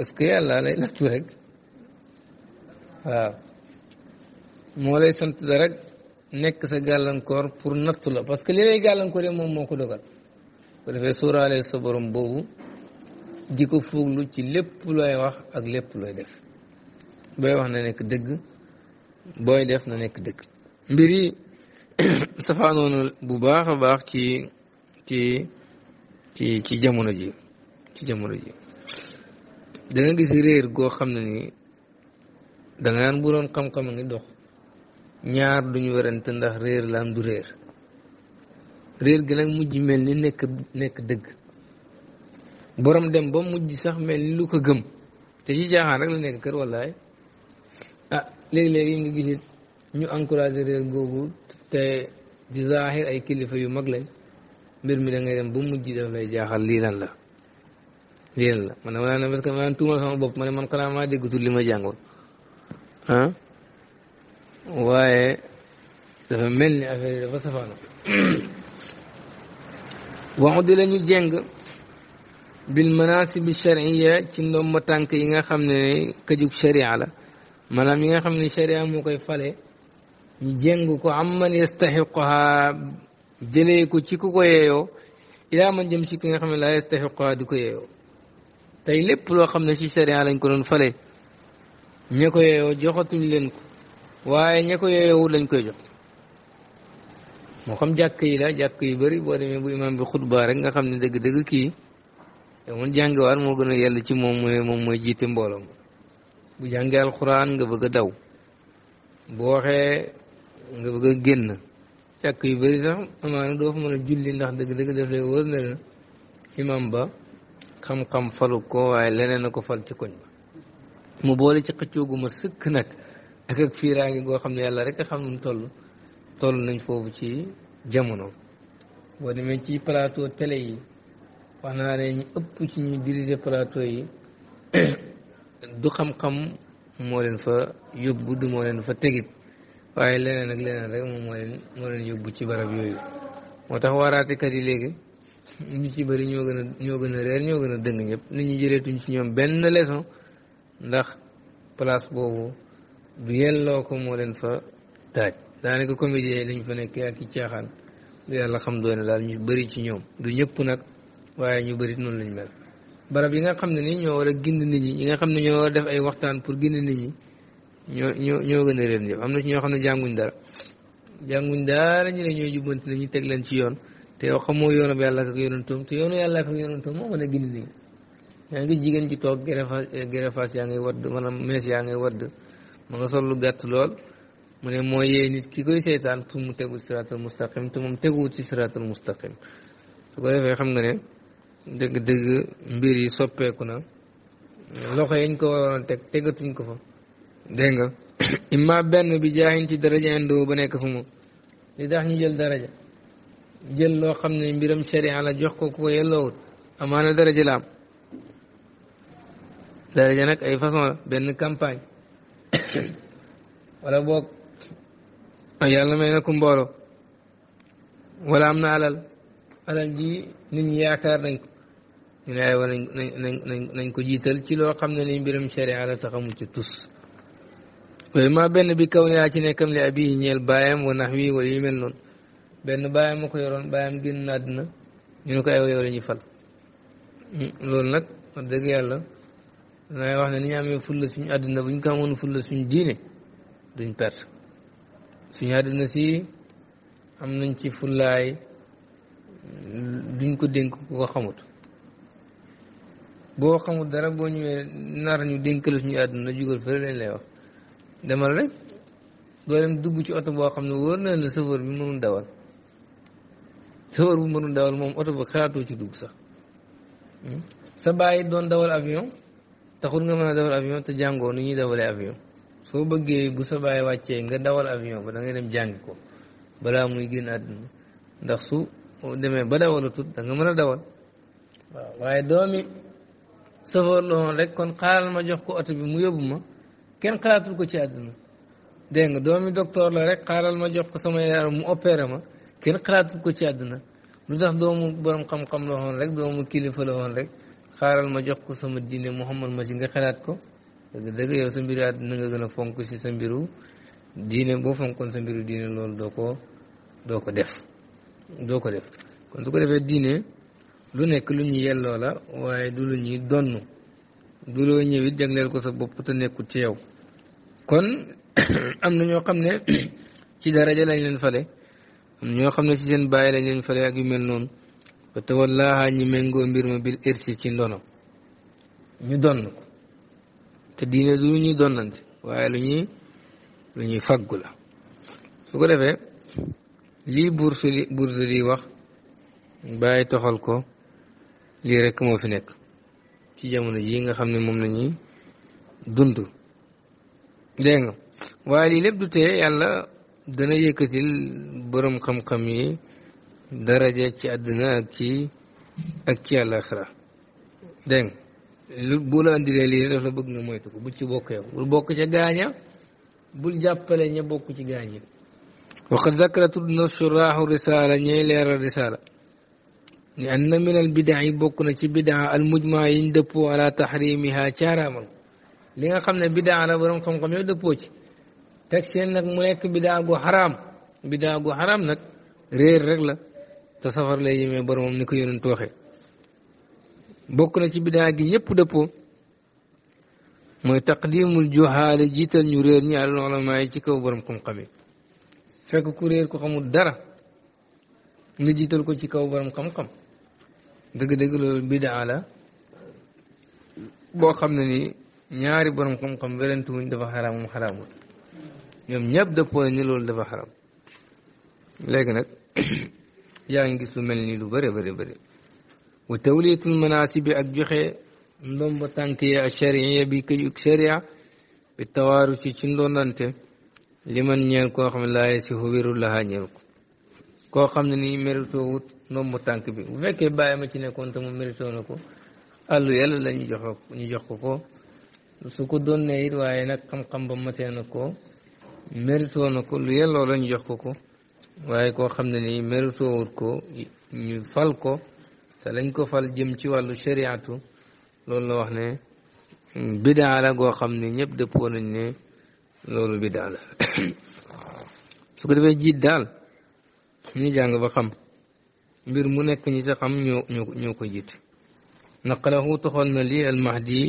est-ce que yàlla lay nattu rek waaw moo lay sant rek nekk sa gàllankoor pour nattu la parce que li lay gàllankooree moom moo ko dogal bu defee sóoraale sa borom boobu di ko fuuglu ci lépp looy wax ak lépp looy def booy wax na nekk dëgg booy def na nekk dëgg mbir yi safaanoonu bu baax a baax ci ci ci ci jamono ji ci jamono ji da nga gis réer goo xam ne ni da nga naan bu doon xam-xam a ngi dox ñaar duñu werante ndax réer la am du réer réer gi nag mujj mel ni nekk nekk dëgg borom dem ba mujj sax mel ni lu ko gëm te ci jaaxaan rek la nekk kër wallaay ah léegi-léegi nga gis ñu encouragé réer googu te ci zaahir ay kilifa yu mag lañ mbir mi da ngay dem ba mujj daf lay jaaxal lii lan la lii lan la man dama naan parce que man tuumal sama bopp ma ne man xanaa maa déggatul li ma jàngoon ah? waaye dafa mel ni affaire yi safaano waxu di la ñu jeng bil manasibi charia ci ndomba tànk yi nga xam ne këjug charia la maanaam yi nga xam ne charia moo koy fale ñu jeng ko am man yastaxiquha jëlee ko ci ku ko yeeyoo ilaa man jëm ci ki nga xam ne laa yastaxiquha di ko yeeyoo tey lépp loo xam ne ci charia lañ ko doon fale ña ko yeeyoo joxatuñ leen waaye ña ko yeeyowul lañ koy jox moo xam jàkk yi la jàkk yu bari boo demee bu imaam bi xutba rek nga xam ne dëgg-dëgg kii te mun jàngiwaat moo gën a yell ci moom mu moom mooy jiite mbooloom bu jàngee alxuraan nga bëgg a daw bu waxee nga bëgg a génn jàkk yu bëri sax amaana doo fa mën a julli ndax dëgg-dëgg daf lay wóor ne la imaam ba xam-xam falu ko waaye leneen a ko fal ci koñ ba mu boole ci xëccoo gu ma sëkk nag ak ak fiiraange goo xam ne yàlla rek a xam nu toll toll nañ foofu ci jamono boo demee ci palaato tele yi wax naa ne ñu ëpp ci ñu diriger plateau yi du xam-xam moo leen fa yóbbu du moo leen fa tegit waaye leneen ak leneen rek moom moo leen moo leen yóbbu ci barab yooyu moo tax waaraatekat yi léegi ñu ci bari ñoo gën a ñoo gën a reer ñoo gën a dëng ñëpp nit ñi jëreetuñ ci ñoom benn leçon ndax palaas boobu du yelloo ko moo leen fa taaj daanaka comédien lañ fa nekk ak i caaxaan lu yàlla xam doone daal ñu bari ci ñoom du ñëpp nag waaye ñu bëri noonu lañu mel barab yi nga xam ne ni ñoo war a gind nit ñi yi nga xam ne ñoo war a def ay waxtaan pour gind nit ñi ñoo ñoo ñoo gën a réer ñëpp am na ci ñoo xam ne jànguñ dara jànguñ dara ñu ne ñooy jubbanti nañu teg leen ci yoon te yow xamoo yoon ab yàlla ak yonantoom te yoonu yàlla ak yonantoom moo mën a gind nit ñi toog gerefaas gerefaas yaa ngay wadd maanaam mees ngay wadd ma nga sol lu gàtt lool mu ne moo yee nit ki koy seytaan pour mu tegu siraatal mustaqim te moom teguwul ci siraatal mustaqim su ko defee xam nga ne dëgg-dëgg mbir yi soppeeku na loxo yañ ko waroon teg tegatuñ ko fa dégg nga imma benn bi jaaxin ci daraja indoo ba nekk fa mu li tax ñu jël daraja jël loo xam ne mbiram sharia la jox ko ko yelloowut amaana daraja la am nag ay façon benn campagne wala boog ah, yàlla may na ko wala am na alal alal ji nit ñi yaakaar nañ ko ñu ko jiital ci loo xam ne ni mbiram sharia la taxamu ci tus waaye ma benn bi kaw ne ci nekkam li abi ñeel baayam wa nax wi wala yu benn baayam ma ko yoroon baayam génn àddina ñu ne ko aywa yow la ñuy fal hmm, loolu nag wax dëgg yàlla dangay wax na ni ñu amee fulla suñu àddina bu ñu ko amoon fulla suñu diine duñ perte suñu àddina si am nañ ci fullaay duñ ko dénk ku ko xamut boo xamut dara boo ñëwee nar ñu dénkale suñu àdduna jugal fële lañ lay wax demal rek doo dem dugg ci oto boo xam ne wóor na la chauffeur bi mënul dawal chauffeur bu mënul dawal moom oto ba xalaatoo ci dugg sax hmm? sa bàyyi doon dawal avion taxul nga mën a dawal ñuy dawalee soo bëggee bu sa baay wàccee nga dawal avion ba da dem jàngi ko muy génn àdduna ndax su demee ba dawalatut da nga mën a dawal waaye doomi safoor kon xaaral ma jox ko oto bi mu yóbbu ma kenn xalaatul ko ci àdduna dégg nga doomi docteur la rek xaaral ma jox ko sama yaram mu opéré ma kenn xalaatul ko ci àdduna lu tax doomu borom xam-xam la rek doomu kilifa la rek xaaral ma jox ko sama diine Muhammad ma ci nga xalaat ko dëgg yow sa mbiru àddina nga gën a fonk ci sa mbiru diine boo fonkoon sa mbiru diine loolu doo ko doo ko def doo ko def kon su ko defee diine lu nekk lu ñu yelloo la waaye du lu ñuy donn du loo ñëw jagleel ko sa bopp te nekkul ci yow kon am na ñoo xam ne ci daraja lañ leen fale ñoo xam ne ci seen bàyyi lañ leen fale ak yu mel noonu fa tawallaaha ñi méngoo mbir ma bil irsi ci ndono ñu donn te diine du lu ñuy donnante waaye lu ñuy lu ñuy faggu la su ko defee lii Bursili Bursili wax bàyyi toxal ko lii rekk moo fi nekk ci jamono jii nga xam ne moom la ñuy dund dégg waaye lii lépp du tee yàlla dana yëkkatil borom xam-xam yi daraja ci àddina ak ci ak ci àllaaxira dégg bu la andilee lii daf la bëgg nga moytu bu ci bokk yow bul bokk ca gaaña bu jàppale ña bokk ci gaañi waqad zakara tudd na suraaxu risaala ñey leeral risaala ni na min al bidaa yi bokk na ci bidaa al mujma yiñ dëppoo ala taxrimiha nga xam ne bidaa la ci teg seen nag mu xaraam bidaa gu xaraam te safar lay yémee boromam ni ko yonent waxe bokk na ci bidaa gi ñëpp dëppoo mooy taqdimul juhaale jiital ñu réer ñi àll ulamaa yi ci kaw borom xam-xam yi fekk ku réer ko xamul dara nga jiital ko ci kaw borom xam-xam dëgg-dëgg loolu bidaa la boo xam ne ni ñaari borom xam-xam werentu wuñ dafa xaraamum xaraamul ñoom ñëpp dëppoo ne ni loolu dafa xaram léegi nag yaa ngi gis lu mel nii lu bëri bëri bëri wa tawliyatul manasibi ak joxe ndomba tànk yi ak charia bi këju charia bi tawaaru ci ci ndondante li man ñeel koo xam ne laa si wéru lahaa ñeel ko koo xam ne nii mérito wut ndomba tànk bi bu fekkee bàyyi ma ci nekkoon te mu mérito na ko àllu yàlla la ñu jox ko ko su ko waaye nag xam-xam matee na ko mérito na ko lu yelloo la ñu jox ko ko waaye koo xam ne nii méritowut ko ñu fal ko te lañ ko fal jëm ci wàllu shariatu loolu la wax ne bidaa goo xam ne ñëpp dëppoo nañ ne loolu bidaa la su ko defee jiit daal ñu jàng ba xam mbir mu nekk ñi ca xam ñoo ñoo ko jiit naqalahu toxal na lii al mahdi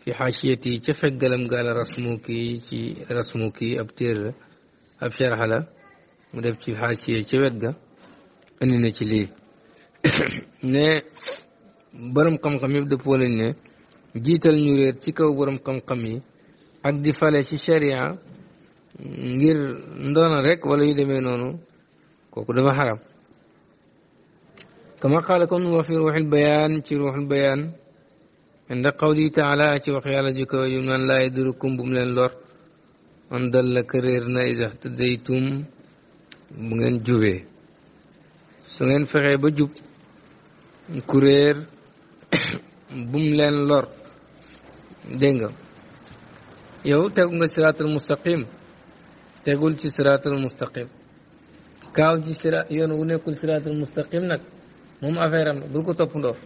fi xaasiyati ca feggalam gaal rasmu kii ci rasmu kii ab téer ab sharx mu def ci xaasiye ci wet ga indi na ci lii ne borom xam-xam yëpp dëppoo lañ ne jiital ñu réer ci kaw borom xam-xam yi ci sharia ngir ndoona rek wala yu demee noonu kooku dafa xaram kama qaala comme nu wax fi ruuxil bayaan ci ruuxil bayaan inda qawli taala ci wax yàlla ji ko jum naan laa yadurukum bu mu leen lor on dal la ka réer na idax tëddaytum bu ngeen jubee su ngeen fexee ba jub kuréer bum leen lor dégg nga yow tegu nga siraatal mustaqim tegul ci siraatal mustaqim kaaw ci siraat yoon wu nekkul siraatal mustaqim nag moom affaire am la bul ko toppandoo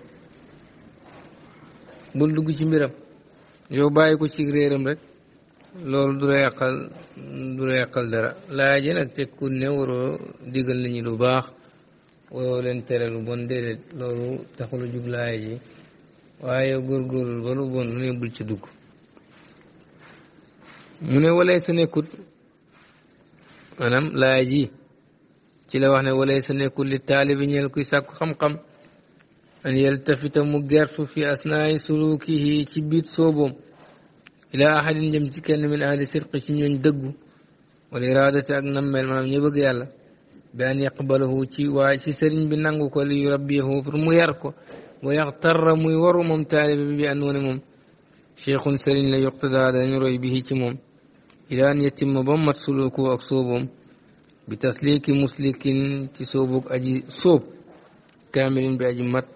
bul dugg ci mbiram yow bàyyi ko ci réeram rek loolu du la yàqal du dara laaj yi nag teg ku ne waroo digal nit lu baax waroo leen tere bon déedéet loolu taxul jug laaj yi waaye góorgóorlu lu bon lu ne bul ci dugg mu ne walay sa nekkut maanaam laaj yi ci la wax ne walay sa nekkut li taalibi ñeel kuy sàkku xam-xam an yeltafita mu gertu fi asnaay sulukihi ci biit sooboom إلى أحد يمسكن من أهل سرق شنين دقو والإرادة أقنم من المام يبقي الله بأن يقبله تي وعيش سرين بننغو كل يربيه فرمو يركو ويغتر ميور ممتالب بأنون مم شيخ سرين لا يقتدى هذا يروي به تموم إلى أن يتم بمت سلوكو أقصوبهم بتسليك مسلك تسوبك أجي صوب كامل بأجمت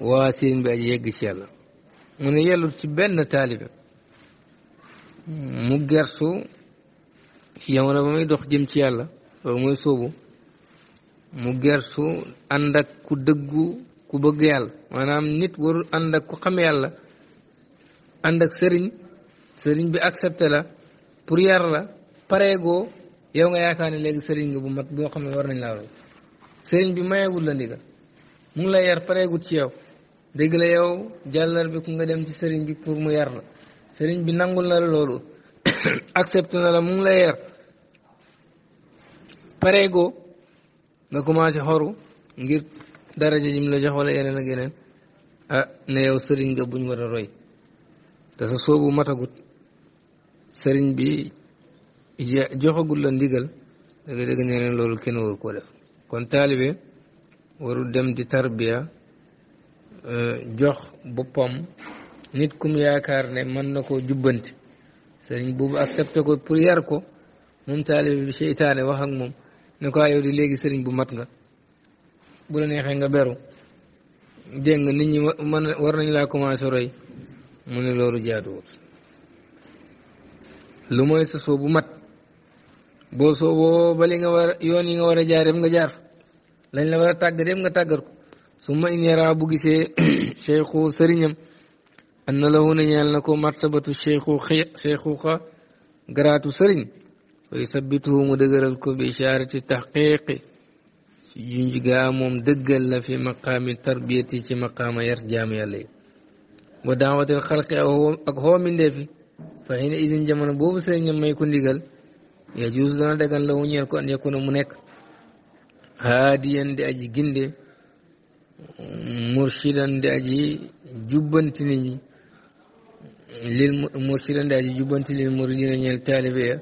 واسين بأجي يقشي الله من يلو تبين تالبك mu gersu jamono ba muy dox jëm ci yàlla loolu mooy sóobu mu gersu ànd ak ku dëggu ku bëgg yàlla maanaam nit warul ànd ak ku xam yàlla ànd ak sëriñ sëriñ bi accepté la pour yar la pareegoo yow nga yaakaar ne léegi sëriñ nga bu mat boo xam ne war nañ laa bi mayeegul la ndigal mu ngi la yar pareegul ci yow dégg la yow jàllar bi ku nga dem ci sëriñ bi pour mu yar la sëriñ bi nangul na la loolu accepte na la mu ngi la yer parego nga commencé xoru ngir daraja jim la jox wala yeneen ak yeneen ah ne yow sëriñ nga buñ war a roy te sa soobu matagut sëriñ bi joxagul la ndigal dëgg dëgg nee neen loolu kenn wër koo def kon taalibe waru dem di tarbia eh, jox boppam nit kum yaakaar ne mën na ko jubbanti sëriñ boobu accepté ko pour yar ko moom taalibe bi seytaane wax ak moom ne ko yow di léegi sëriñ bu mat nga bu la neexee nga beru dégg nga nit ñi mën war nañ laa commencé roy mu ne loolu jaaduwul lu mooy sa soo bu mat boo sooboo ba li nga war yoon yi nga war a jaar dem nga jaar lañ la war a tàggat dem nga tàggat ko su ma in yaraa bu gisee cheikhu sëriñam an na la wu ko martabatu cheikhu cheikhuqa garaatu sëriñ way sabbituhu mu dëgëral ko bi ishaarati taxqiqi ci junj dëggal la fi maqaami tarbiyati ci maqaama yar jaam yàlla yi wa daawatil xalqi ak xoomindee fa xina idin jamono boobu sëriñ may ko ndigal ya dana dagan la wu ko an yakuna mu nekk haadiyan di aji ginde murshidan di aji jubbanti nit lil mursida ndaa ji jubbanti lil muridina ñeel taalibe ya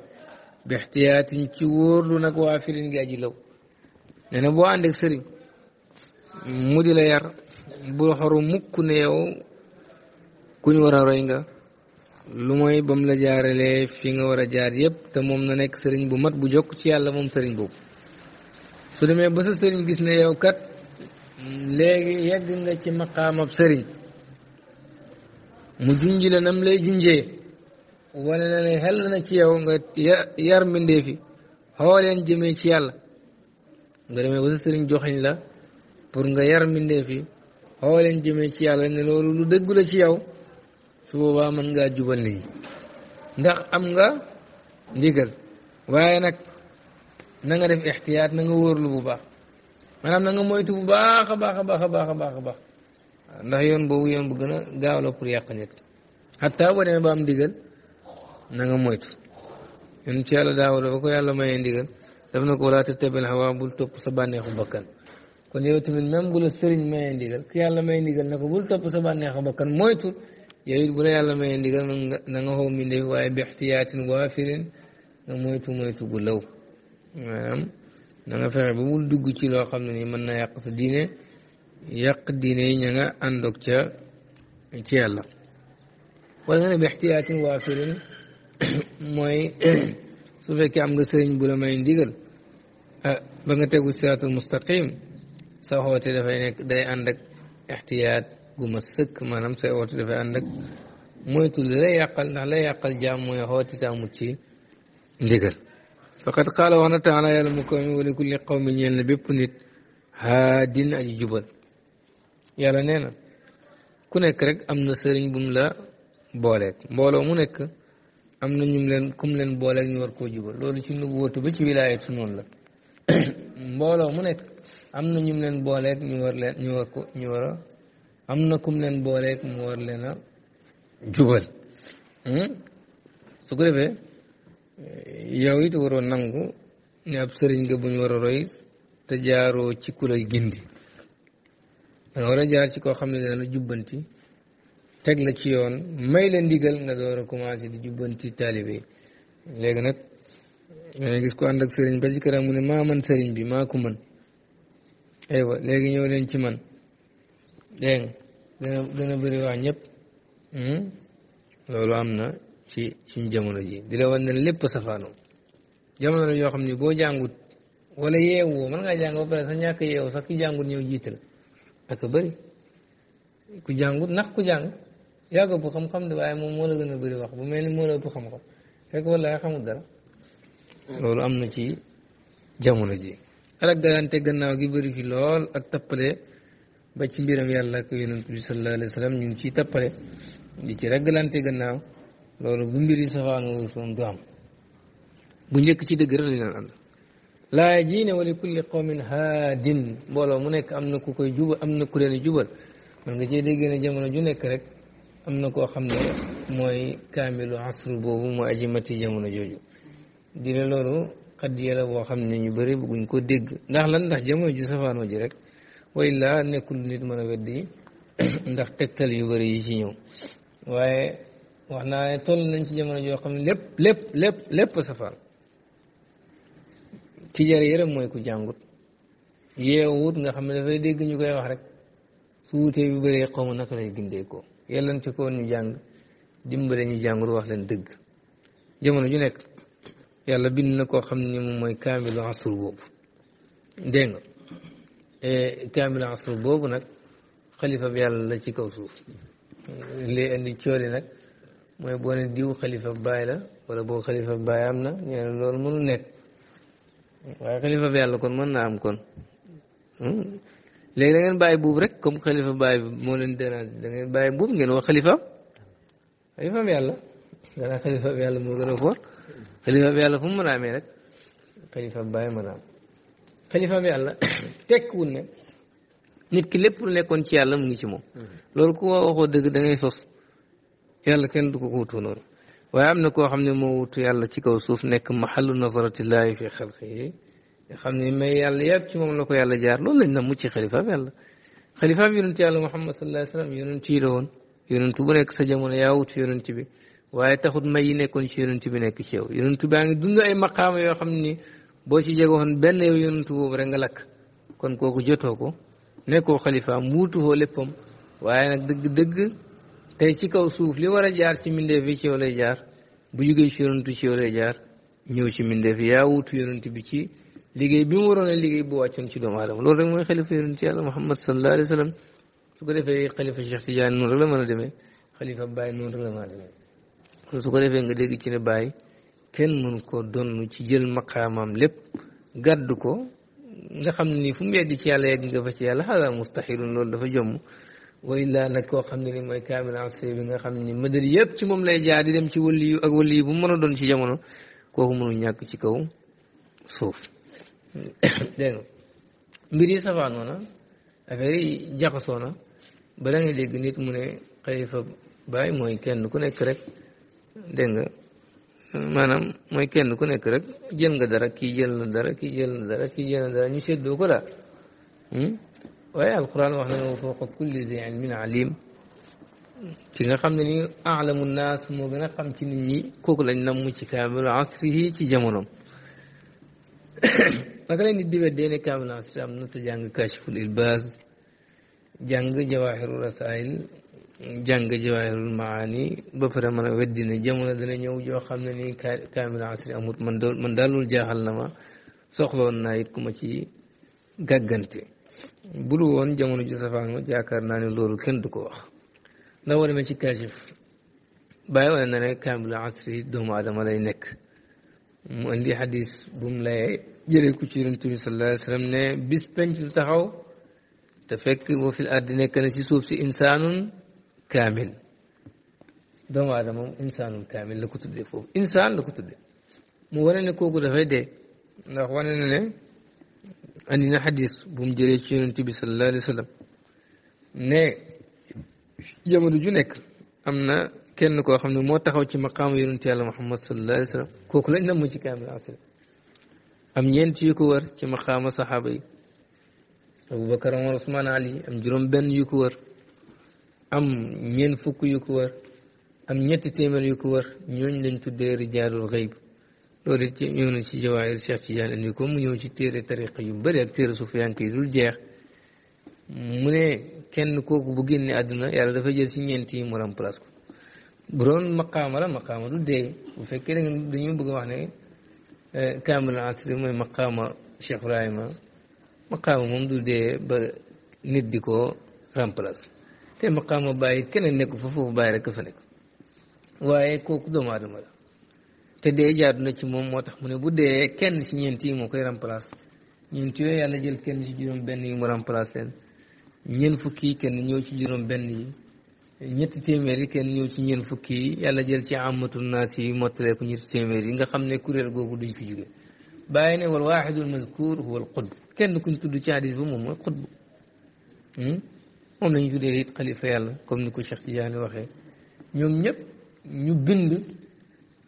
bi ixtiyaatin ci wóorlu nag waa firin gi aji law nee na boo ànd ak sëriñ mu di la yar bul xoru mukk ne yow kuñ war a roy nga lu mooy bam la jaaralee fi nga war a jaar yëpp te moom na nekk sëriñ bu mat bu jokk ci yàlla moom sëriñ boobu su demee ba sa sëriñ gis ne yow kat léegi yegg nga ci maqaamab sëriñ mu junj la nam lay junjee wala na ne xel na ci yow nga yar mbindee fi xooleen ci yàlla nga demee ba sa sëriñ la pour nga yar mbindee fi xooleen ci yàlla ne loolu lu dëggu la ci yow su boobaa mën ngaa jubal nit ñi ndax am nga ndigal waaye nag na nga def ixtiyaat na nga wóorlu bu baax maanaam na nga moytu bu baax a baax a baax a baax baax ndax yoon boobu yoon bu gën a gaaw la pour yàq nit xataa boo demee ba am ndigal na nga moytu ñun ci yàlla daaw dafa ko yàlla mayee ndigal daf na ko wala tattabil hawa bul topp sa bànneexu bakkan kon yow tamit même bu la sëriñ mayee ndigal ki yàlla may ndigal na ko bul topp sa bànneexu bakkan moytu yow it bu yàlla mayee ndigal na nga xaw mindee waaye bi ixtiyaatin waafirin nga moytu moytu gu law maanaam fexe ba bul dugg ci xam ne nii na yàq diine yàq diine ña nga àndoog ca ci yàlla wala nga ne bi ixtiyaatin waafirin mooy su fekkee am nga sëriñ bu la may ndigal ah, ba nga tegu siraatul mustaqim sa xoote dafay nekk day ànd ak gu ma sëkk maanaam say xoote dafay ànd ak moytu lay yàqal ndax lay yàqal jaam mooy xoote te amut ci ndigal faqad qaala wax na taala yàlla mu ko wali kulli qawmi ñeel na bépp nit haadin aji jubal yàlla nee na ku nekk rek am na sëriñ bu la booleeg mbooloo mu nekk am na ñum leen kum leen booleeg ñu war koo jubal loolu ci nu wóotu ba ci wilaayat su noonu la mbooloo mu nekk am na ñum leen booleeg ñu war leen ñu war ko ñu war a am na kum leen booleeg mu leen a jubal hmm? su ko defee yow it waroo nangu ne sëriñ nga bu ñu war a roy te jaaroo ci ku la gindi nga war a jaar ci koo xam ne dana jubbanti teg la ci yoon may la ndigal nga door a commencé di jubbanti taalibe léegi nag dangay gis ko ànd ak sëriñ ba mu ne maa man sëriñ bi maa ko mën aywa léegi ñëw leen ci man dégg nga gën a gën a bëri waa ñëpp hmm? loolu am na ci ci jamono ji di la wan ne lépp safaano jamono yoo xam ne boo jàngut wala yeewoo mën ngaa jàng ba pare sa ñàkk yeewu sax ki jàngut ñëw jiital ak a bëri ku jàngut ndax ku jàng yàgg bu xam-xam de waaye moom moo la gën a bëri wax bu mel ni moo la ëpp xam-xam fekk wallaay xamul dara loolu am na ci jamono ji raggalante gannaaw gi bëri fi lool ak tappale ba ci mbiram yàlla ak yonent bi sallallahu alayhi wa sallam ñu ngi ciy tappale di ci raggalante gannaaw loolu bu yi safaanoo woon du am bu njëkk ci dëgg rek lañ laa jiine wali kulli qawmin haadin mbooloo mu nekk am na ku koy jubal am na ku leen jubal man nga cee dégg ne jamono ju nekk rek am na koo xam ne mooy kaamilu asru boobu mooy aji mati jamono jooju di ne loolu xaddiya la boo xam ne ñu bëri bëgguñ ko dégg ndax lan ndax jamono ju safaanoo ji rek wa ne nekkul nit mën a weddi ndax tegtal yu bëri yi ci ñëw waaye wax naa ne toll nañ ci jamono joo xam ne lépp lépp lépp lépp safaan ki jar yërëm mooy ku jàngut yeewut nga xam ne dafay dégg ñu koy wax rek su wutee bi bëree xaw ma naka lay gindee ko yellante ko ñu jàng dimbale ñu jàngut wax leen dëgg jamono ju nekk yàlla bind na koo xam ne ni moom mooy kaamilu asr boobu dégg nga e, kaamilu asr boobu nag xalifa bi yàlla la ci kaw suuf lii indi coori nag mooy boo diw xalifa baay la wala boo xalifa baay am na ñu loolu mënu nekk waaye xalifa yàlla kon mën naa am kon hmm? léegi da ngeen bàyyi buub rek comme xalifa bàyyi moo leen dérange da ngeen bàyyi buub ngeen wax xalifa xalifa yàlla gannaaw xalifa yàlla moo gën a foor xalifa bi yàlla fu mu a amee rek xalifa bi yàlla tekkiwul ne nit ki lépp lu nekkoon ci yàlla mu ngi ci moom hmm. loolu ku waxoo dëgg da sos yàlla kenn du ko wutu noonu waaye am na koo xam ne moo wutu yàlla ci kaw suuf nekk mahallu nazaratillahi fi xalqihi nga xam ne may yàlla yàpp ci moom la ko yàlla jaar loolu lañ na mucc xalifaab yàlla xalifaab yonent yàlla muhammad sallallahu alayhi wa sallam yonent yi la woon yonent bu nekk sa jamono yaa wutu yonent bi waaye taxut may yi nekkoon ci yonent bi nekk ci yow yonent baa ngi dund ay maqaama yoo xam ni boo ci jegoon benn yow yonent boobu rek lakk kon kooku jotoo ko nekkoo xalifaam wuutuwoo léppam waaye nag dëgg-dëgg tey ci kaw suuf li war a jaar ci mbindeef bi ci yow lay jaar bu jugee ci yonantu ci yow lay jaar ñëw ci mbindeef yaa wutu yonantu bi ci liggéey bi mu waroon a liggéey bu wàccoon ci doomu aadama loolu rek mooy xalifa yonantu yàlla Muhammad sallallahu alayhi wa sallam su ko defee xalifa Cheikh Tidiane noonu rek la mën a demee xalifa Baye noonu rek la mën a demee su ko defee nga dégg ci ne Baye kenn mënu ko donn ci jël maqaamam lépp gàddu ko nga xam ne nii fu mu yegg ci yàlla yegg nga fa ci yàlla xala mustahilun loolu dafa jomm wa illaa nag koo xam ne ni mooy kaamil asri bi nga xam ni ma madari yëpp ci moom lay jaar di dem ci waliyu ak waliyu bu mu mën a doon ci jamono kooku mënu ñàkk ci kaw suuf dégg mbir yi safaanoo na yi jaxasoo na ba da dégg nit mu ne xalifa baay mooy kenn ku nekk rek dégg nga maanaam mooy kenn ku nekk rek jël nga dara kii jël na dara kii jël na dara ñu séddoo ko daal hmm? waaye alquran wax na ne wa fawqa kulli zi ilmin alim ki nga xam ne nii aalamu naas moo gën a xam ci ni ñi kooku lañ namm ci kaamilu asrihi ci jamonoom naka la nit di weddee ne kaamilu asri am na te jàng maani ba pare mën a weddi jamono dana ñëw joo xam ne nii kaamilu asri amut man dool man daal jaaxal na ma soxloon naa it ci gàggante bul woon jamono ju safaanu jaakaar naa ne loolu kenn du ko wax ndax wala ma ci kaasif bàyyi wane na ne kaamil asri doomu aadama lay nekk mu indi xadis bu mu lay jëlee ku ci yonent bi sallallahu ne bis penc du taxaw te fekk wa fil ardi nekk na ci suuf si insaanun kaamil doomu aadama insaanun kaamil la ko tuddee foofu insaan la ko tuddee mu wane ne kooku dafay dee ndax wane na اندينا حديث بوم جيري سي نبي صلى الله عليه وسلم ني يامدو جو نيك امنا كين كو خامني مو تاخاو سي مقام يونت الله محمد صلى الله عليه وسلم كوك إنا نمو سي كامل اصل ام نينت يكو وور سي مقام صحابي ابو بكر عمر عثمان علي ام جروم بن يكو وور ام نين فوك يكو وور ام نيت تيمر يكو وور نيون لين تودي رجال الغيب loolu it ñoo na ci jawaayir Cheikh Tidiane indi ko mu ñëw ci téere tariqa yu bëri ak téere sufiyanke yi dul jeex mu ne kenn kooku bu génne àdduna yàlla dafa jël ci ñeent yi mu remplace ko bu doon maqaama la maqaama du dee bu fekkee da ngeen dañu bëgg a wax ne eh, kaamil asri mooy maqaama Cheikh Ibrahima maqaama moom du dee ba nit di ko remplace te maqaama bàyyi keneen nekk fa foofu bàyyi rek fa nekk waaye kooku doomu aadama la te dee jaadu na ci moom moo tax mu ne bu dee kenn ci ñeent yi moo koy remplace ñeent yooyu yàlla jël kenn ci juróom benn yi mu remplace leen ñeent fukki yi kenn ñëw ci juróom benn yi ñetti téeméer kenn ñëw ci ñeent fukki yàlla jël ci amatu naas yi mottalee ko ñetti téeméer yi nga xam ne kuréel googu duñ fi jóge bàyyi ne wal waaxidul mazkur huwa al xutb kenn ku ñu tudd ci hadis ba moom mooy xutb hmm? moom lañu tuddee it xalifa yàlla comme ni ko Cheikh Tidiane waxee ñoom ñëpp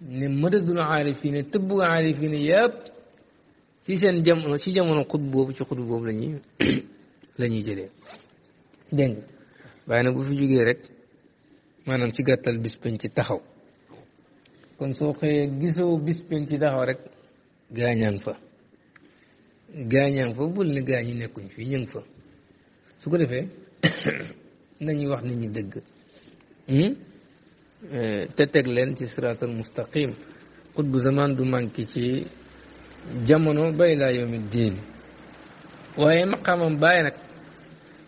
ne madadul aarifina tëbbu aarifina yëpp ci seen jamono ci jamono xutb boobu ci xutb boobu la ñuy la ñuy jëlee dégg nga waaye nag bu fi jógee rek maanaam ci gàttal bis penc ci taxaw kon soo xëyee gisoo bis penc ci taxaw rek gaañaan fa gaañaan fa bul ne gaa ñi nekkuñ fi ñëng fa su ko defee nañuy wax nit ñi dëgg hmm? Eh, te teg leen ci siraatal mustaqim xut bu zaman du manqué ci jamono bay laa yawmi diin waaye maqaamam bàyyi nag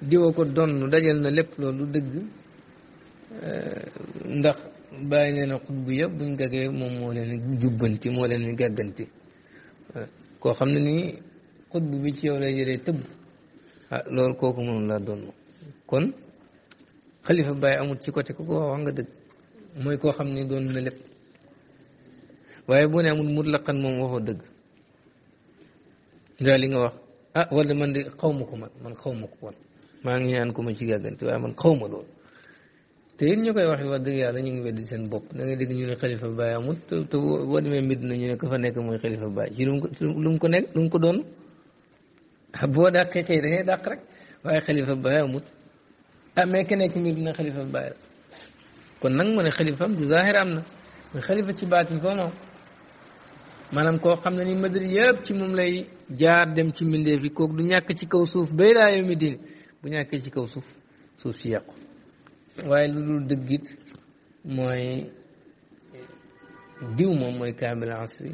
diwa ko donn dajal na lépp loolu dëgg eh, ndax bàyyi nee na xut bu yëpp buñ gagee moom moo leen jubbanti moo leen gàgganti eh, koo xam ne nii xut bu bi ci yow lay jëlee tëbb ah loolu kooku mënu laa kon xalifa bàyyi amul ci côté ko ko wax nga dëgg mooy koo xam ne doon na lépp waaye boo ne amul mutlaqan moom waxoo dëgg nga li nga wax ah wala man de xaw ma ko man man xaw ma ko woon maa ngi ñaan ko ma ci gàggante waaye man xaw ma loolu te yéen ñu koy wax wax dëgg yàlla ñu ngi weddi seen bopp da nga dégg ñu ne xalifa baay amut te te demee mbir na ñu ne fa nekk mooy xalifa baay ci lu mu ko lu mu ko nekk lu mu ko doon ah, boo dàqee kay da ngay dàq rek waaye xalifa baay amut ah mais ki nekk na xalifa kon nag mu ne xalifaam di zahir am na muy xalifa ci baatin koo moom maanaam koo xam ne ni madar yëpp ci moom lay jaar dem ci mbindeef yi kooku du ñàkk ci kaw suuf bay laa yomi diin bu ñàkkee ci kaw suuf suuf si yàqu waaye lu dul dëggit mooy diw moom mooy kaamil asri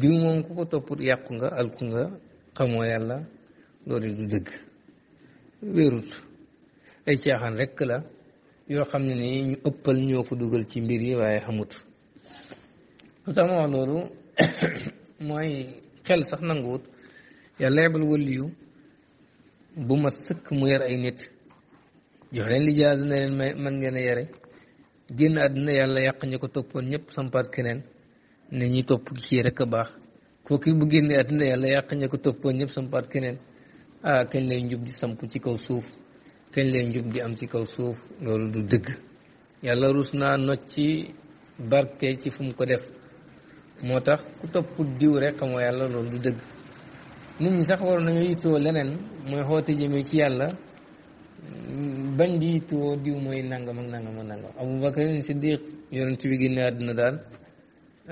diw moom ku ko topp yàqu nga alku nga xamoo yàlla loolu du dëgg wéerut ay caaxaan rekk la yoo xam ne ni ñu ëppal ñoo ko dugal ci mbir yi waaye xamut lu tax ma wax loolu mooy xel sax nanguwut yàlla yebal wëliyu bu ma sëkk mu yar ay nit jox leen lijaasa ne leen may man ngeen a yare génn àdduna yàlla yàq ña ko toppoon ñëpp sampaat keneen ne ñi topp kii rek baax kooku bu génnee àdduna yàlla yàq ñi ko toppoon ñëpp sampaat keneen ah kañ lay njub di samp ci kaw suuf kañ lay njub di am ci kaw suuf loolu du dëgg yàlla rus naa nocc ci barke ci fu mu ko def moo tax ku topp diw rek xamoo yàlla loolu du dëgg nit ñi sax waroon nañu yittoo leneen mooy xoote jëmee ci yàlla bañ di yittoo diw mooy nangam ak nangam ak nangam Abubakar Siddiq yonent bi génne àdduna daal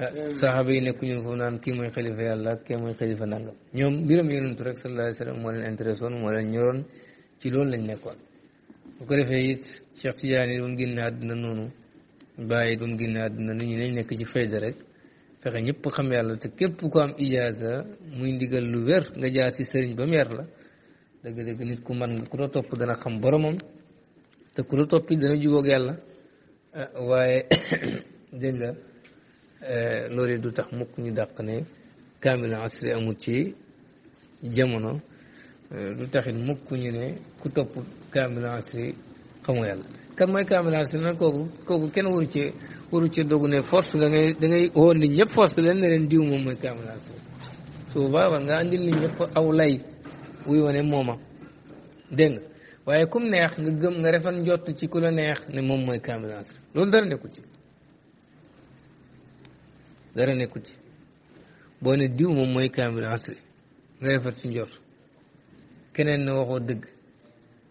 ah, saxaaba yi nekk ñun foofu naan kii mooy xalifa yàlla kii mooy xalifa nangam ñoom mbiram yonentu rek sallallahu moo leen intéressé moo leen ñoroon ci loolu lañ nekkoon bu ko defee it Cheikh Tidiane yi doon génne àddina noonu bàyyi doon génne àddina nit ñi nekk ci fayda rek fexe ñëpp xam yàlla te képp ku am ijaaza muy ndigal lu wér nga jaar ci sëriñ ba mu yar la dëgg-dëgg nit ku man nga ku la topp dana xam boromam te ku la toppi dana jubóog yàlla ah, waaye dégg nga eh, loolu du tax mukk ñu dàq ne kaamil asri amut ci jamono Euh, lu taxit mukk ñu ne ku topp kaamil asri xamu yàlla kan mooy kaamil asri nag kooku kooku kenn waru ci waru ci dogu ne force da ngay da ngay woon ñëpp force leen ne leen diw moom mooy kaamil asri su boobaa war nga andil nit ñëpp aw lay wuy wane mooma dégg waaye kum neex nga gëm nga refan njot ci ku la neex ne moom mooy kaamil loolu dara nekku ci dara nekku ci boo ne diw moom mooy kaamil asri nga refat ci njort keneen na waxoo dëgg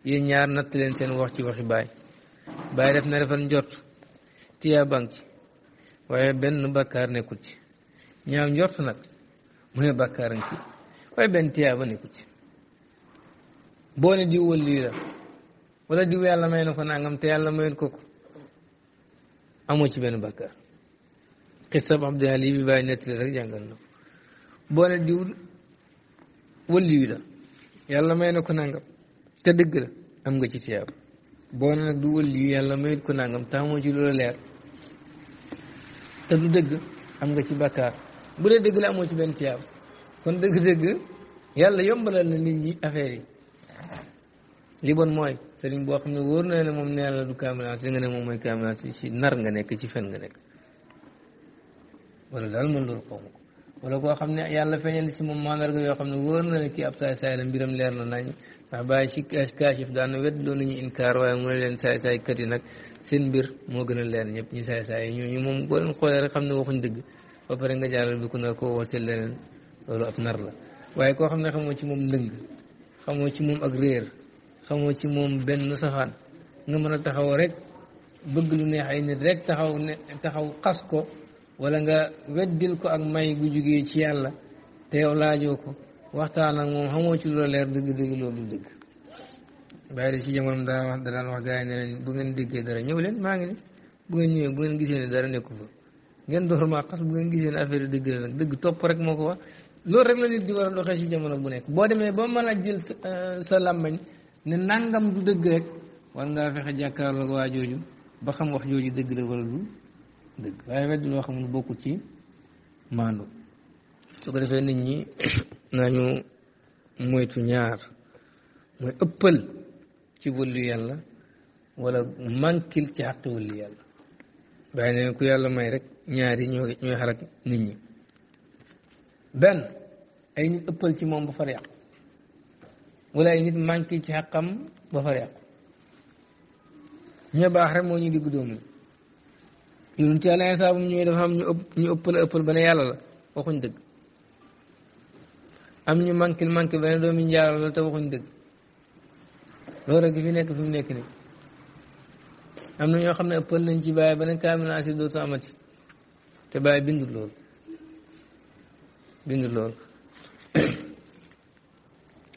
yéen ñaar natt leen seen wax ci waxi baay baay def na defal njort tiyaa ci waaye benn bàkkaar nekkul ci ñaaw njort nag mu ne bàkkaar nga ci waaye benn tiyaa ba nekkul ci boo ne diw wëlli la wala diw yàlla may na ko nangam te yàlla mayut ko ko amoo ci benn bàkkaar xisab abdihali bi bàyyi nettali rek jàngal na ko boo ne diw wëlli la yàlla may na ko nangam te dëgg la am nga ci tiyaab boo ne nag du wël yu yàlla mayut ko nangam taamoo ci loola leer te du dëgg am nga ci bàkkaar bu dee dëgg la amoo ci benn tiyaab kon dëgg-dëgg yàlla yombalal na nit ñi affaire yi li bon mooy sëriñ boo xam ne wóor na ne moom ne yàlla du kaamilaat li nga ne moom mooy kaamilaat ci nar nga nekk ci fen nga nekk wala daal mën loolu xaw ma ko wala koo xam ne yàlla feeñal si moom mandarga yoo xam ne wóor na ne kii ab saay saay la mbiram leer na nañ ndax bàyyi si kaasif daan wet loolu ñu inkaar waaye mu ne leen saay saay kat yi nag seen mbir moo gën a leer ñëpp ñu saay saay yi ñooñu moom boo leen xoolee rek xam ne waxuñ dëgg ba pare nga jàllal bi ku nar koo wooteel leneen loolu ab nar la waaye koo xam ne xamoo ci moom ndëng xamoo ci moom ak réer xamoo ci moom benn safaan nga mën a taxaw rek bëgg lu neex ay nit rek taxaw ne ko wala nga weddil ko ak may gu jugee ci yàlla te yow laajoo ko waxtaan ak moom xamoo ci loolu leer dëgg-dëgg loolu du dëgg bàyyi di si jamonoom daan wax daan wax gars yi ne bu ngeen déggee dara ñëw leen maa ngi bu ñëwee bu ngeen gisee ne ngeen door maa bu ngeen gisee ne affaire dëgg la dëgg topp rek moo ko wax loolu rek la nit doxee si jamono bu nekk boo demee ba mën a jël sa euh, làmmañ ne nangam du dëgg rek war ngaa fexe jàkkaarloo waa jooju ba xam wax jooju dëgg la wala du dëgg waaye weddi loo xamul bokkul ci maandu su ko defee nit ñi nañu moytu ñaar mooy ëppal ci wëllu yàlla wala mànkil ci xaqi wëllu yàlla bàyyi neen ku yàlla may rek ñaar yi ñoo ñooy xarak nit ñi benn ay nit ëppal ci moom ba far yàqu wala ay nit mànkil ci xaqam ba far yàqu ñu baax rek moo ñu digg doomu yonent yàlla Iisaa bu mu ñëwee am ñu ëpp ñu ëppal ëppal ba ne yàlla la waxuñ dëgg am ñu manquil manquil ba ne doomi njaalo la te waxuñ dëgg loolu rek fi nekk fi mu nekk ni am na ñoo xam ne ëppal lañ ci bàyyi ba ne kaamil asi dootu amati te bàyyi bindul loolu bindul loolu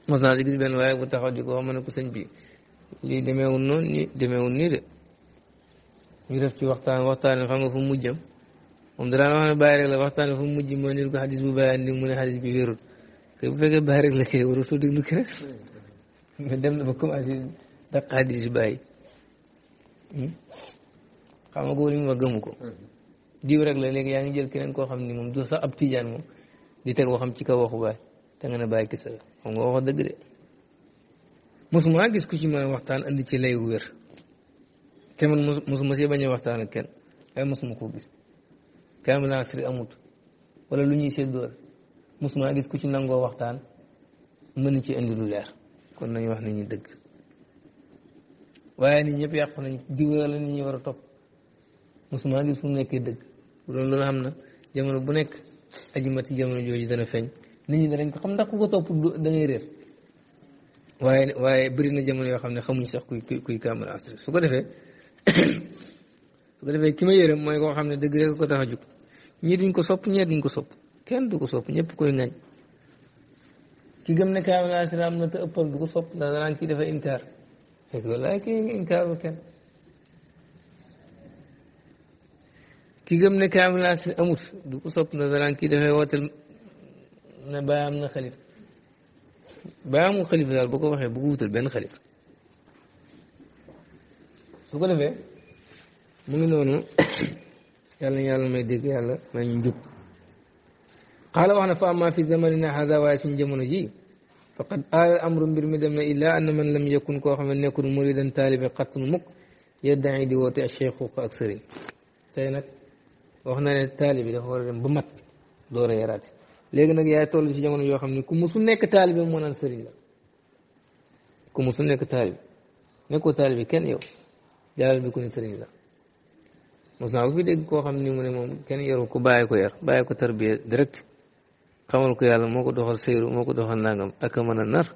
mos naa si gis benn waaye bu taxaw di ko wax ne ko sëñ bi lii demeewul noonu nii nii de mu def ci waxtaan waxtaan xam nga mujjam moom danaa wax ne bàyyi rek la waxtaan fu mu mujj ko xadis bu bàyyi andi mu ne xadis bi wérul kay bu fekkee bàyyi rek la kay waratoo déglu ki rek dem na ba commencé daq xadis yu hmm? xam nga góor yi ma gëmu la léegi yaa ngi koo xam ni moom du sax ab xam dëgg de mosuma gis ku ci mën a waxtaan andi ci lay wér te man mosuma si bañ waxtaan ak kenn ay mosuma koo gis kaamil asri amut wala lu ñuy séddoo mosuma gis ku ci nangoo waxtaan mën ci indi lu leer kon nañu wax nañu dëgg waaye nit ñëpp yàqu nañ diwa la nit ñi war a topp mosuma gis fu mu nekkee dëgg loolu am na jamono bu nekk ajumati jamono jooju dana feeñ nit ñi danañ ko xam ndax ku ko topp da réer waaye waaye bëri na jamono yoo xam ne xamuñ sax kuy kuy kaamil asri su ko defee. su ko defee ki ma yërëm mooy koo xam ne dëgg rek ko tax a jóg ñii duñ ko sopp ñee duñ ko sopp kenn du ko sopp ñëpp koy ngañ ki gëm ne kaamil asiraam na te ëppal du ko sopp ndax danaan kii dafa ki gëm ne kaamil asir amut du ko sopp ndax danaan na xalif baayam xalif daal boo ko waxee bu ko benn xalif su ko defee mu ngi noonu yàlla yàlla may dégg yàlla may njub xaala wax na fa ma fi zamanina hada waaye suñ jamono ji faqad aala amru mbir mi dem na illa anna man lam yakun koo xam ne nekkul muridan taalibi xattun mukk yeddaani di woote ak cheikhuq ak sëriñ tey nag wax na ne taalibi dafa war a dem ba mat door a yaraate léegi nag yaay toll ci jamono yoo xam ne ku musu nekk taalibi moo naan sëriñ la ku musu nekk taalibi nekkoo taalibi kenn yow jaalal bi koy sëriñ la mos naa ko fi dégg koo xam ni mu ne moom kenn yaru ko bàyyi ko yar bàyyi ko tarbiya direct xamal ko yàlla moo ko doxal sëyru moo ko doxal nangam ak a mën a nar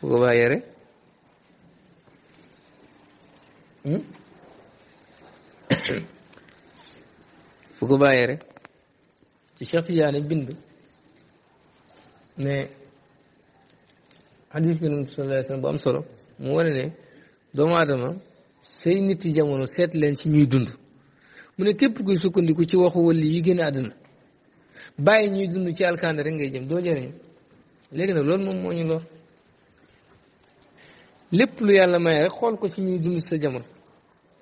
bu hmm? ko bàyyi yare bu hmm? ko bàyyi yare ci Cheikh Tidiane bind ne solo mu wane doomu aadama say nit yi jamono seet leen ci ñuy dund mu ne képp kuy sukkandiku ci waxu wëlli yi gën a àdduna bàyyi ñuy dund ci alkaande rek ngay jëm doo jëriñu léegi nag loolu moom moo ñu lor lépp lu yàlla may rek xool ko ci ñuy dund sa jamono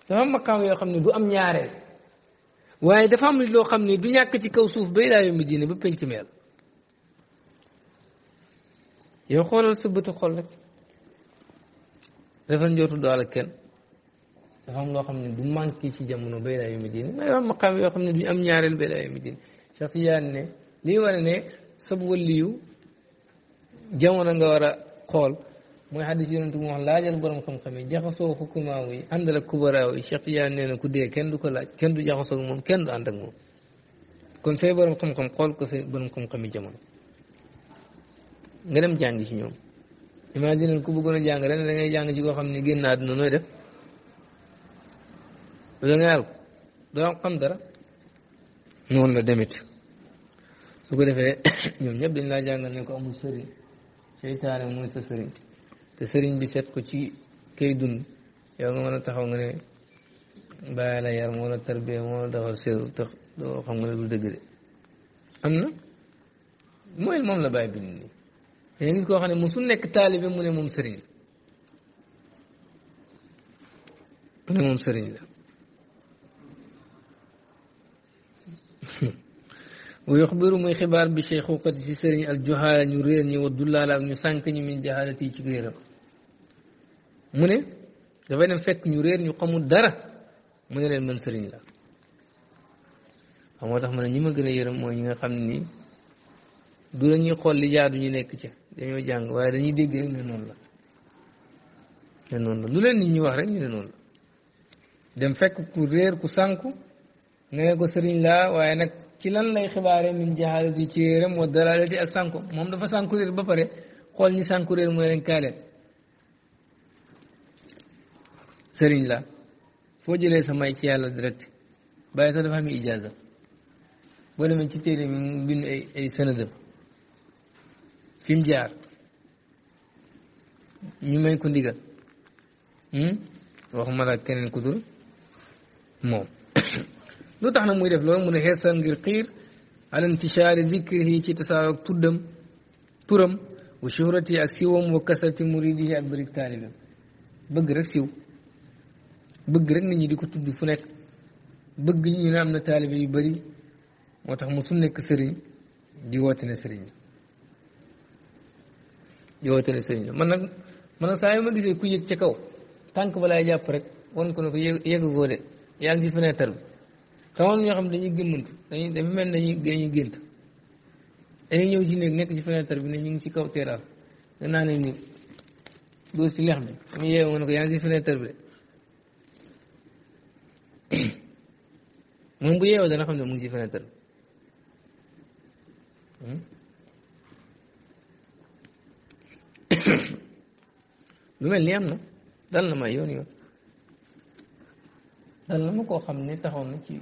dafa am yoo xam ne du am ñaareel waaye dafa am loo xam ne du ñàkk ci kaw suuf bay daa yombi diine ba penc meel yow xoolal sa bëtu xol rek defal njootu daal ak kenn dafa am loo xam ne du manqué ci jamono bay laa yawmi diin ma am maqaam yoo xam ne duñu am ñaareel bay laa yawmi diin Cheikh Tidiane ne lii wane ne sab waliyu jamono nga war a xool mooy xaddis yonent mu wax laajal borom xam-xam yi jaxasoo ko kumaaw yi àndal ak kubaraaw yi Cheikh Tidiane nee na ku dee kenn du ko laaj kenn du jaxasoo ak moom kenn du ànd ak moom kon say borom xam-xam xool ko say borom xam-xam yi jamono nga dem jàngi ci ñoom. imagine ku bëggoon a jàng ren da ngay jàng ci koo xam ne génn àdduna nooy def da ngay àll doo am dara noonu la demit su ko defee ñoom ñëpp dañ laa jàngal ne ko amul sëriñ seytaane mooy sa sëriñ te sëriñ bi seet ko ci kay dund yow nga mën a taxaw nga ne bàyyi la yar moo la tarbiya moo la defar séeru tax doo xam nga du dëgg de am na mooy moom la bàyyi bind nii dañ ko xamne musu nek talibé mune mom serigne la mune mom serigne la ويخبر من خبار بشيخو قد سيسرين الجهالة نورير ني ودلالة ني سانك ني من جهالة تي تغير مني دفعنا فك نورير ني قمو دارة مني لن من سرين لا أما تخمنا ني مغنى يرم ويني خمني du la ñuy xool li jaadu ñu nekk ci dañoo jàng waaye dañuy dégg rek ne noonu la ne noonu la lu leen nit ñi wax rek ñu ne noonu la dem fekk ku réer ku sànku nga ne ko sëriñ la waaye nag ci lan lay xibaare min jaxaalati ci réeram wa dalalati ak sànku moom dafa sànku réer ba pare xool ñi sànku réer mooy leen kaaleel sëriñ la foo jëlee sa may ci yàlla direct bàyyi sax dafa am ijaaza boo demee ci téere mu bind ay ay fi mu jaar ñu may ko ndigal hmm? waxuma la keneen ku dul moom lu tax na muy def loolu mu ne xeesal ngir xiir al intishaari zikrihi ci tasaaroog tuddam turam wa shuhrati ak siwam wa kasrati muridihi ak bërik taalibam bëgg rek siw bëgg rek nit ñi di ko tudd fu nekk bëgg ñu ne na taalibe yu bëri moo tax mu su nekk sëriñ di woote ne sëriñ di woote ne sëriñ la man nag man nag saa yu ma gisee ku yëg ca kaw tànk balaay jàpp rek wan ko ne ko yëgu ko de yaa ngi ci fenêtre bi xamoon ñoo xam dañuy gëmmant dañuy dafa mel ne dañuy dañuy gént dañuy ñëw ci néeg nekk ci fenêtre bi ne ñu ngi ci kaw terrasse nga naa ne ni doo ci lex bi mu yeewu ne ko yaa ngi ci fenêtre bi de moom xam ne mu ngi ci fenêtre bi hmm? lu mel ni am na dal na ma yoon yoon dal na ma koo xam ne taxaw na ci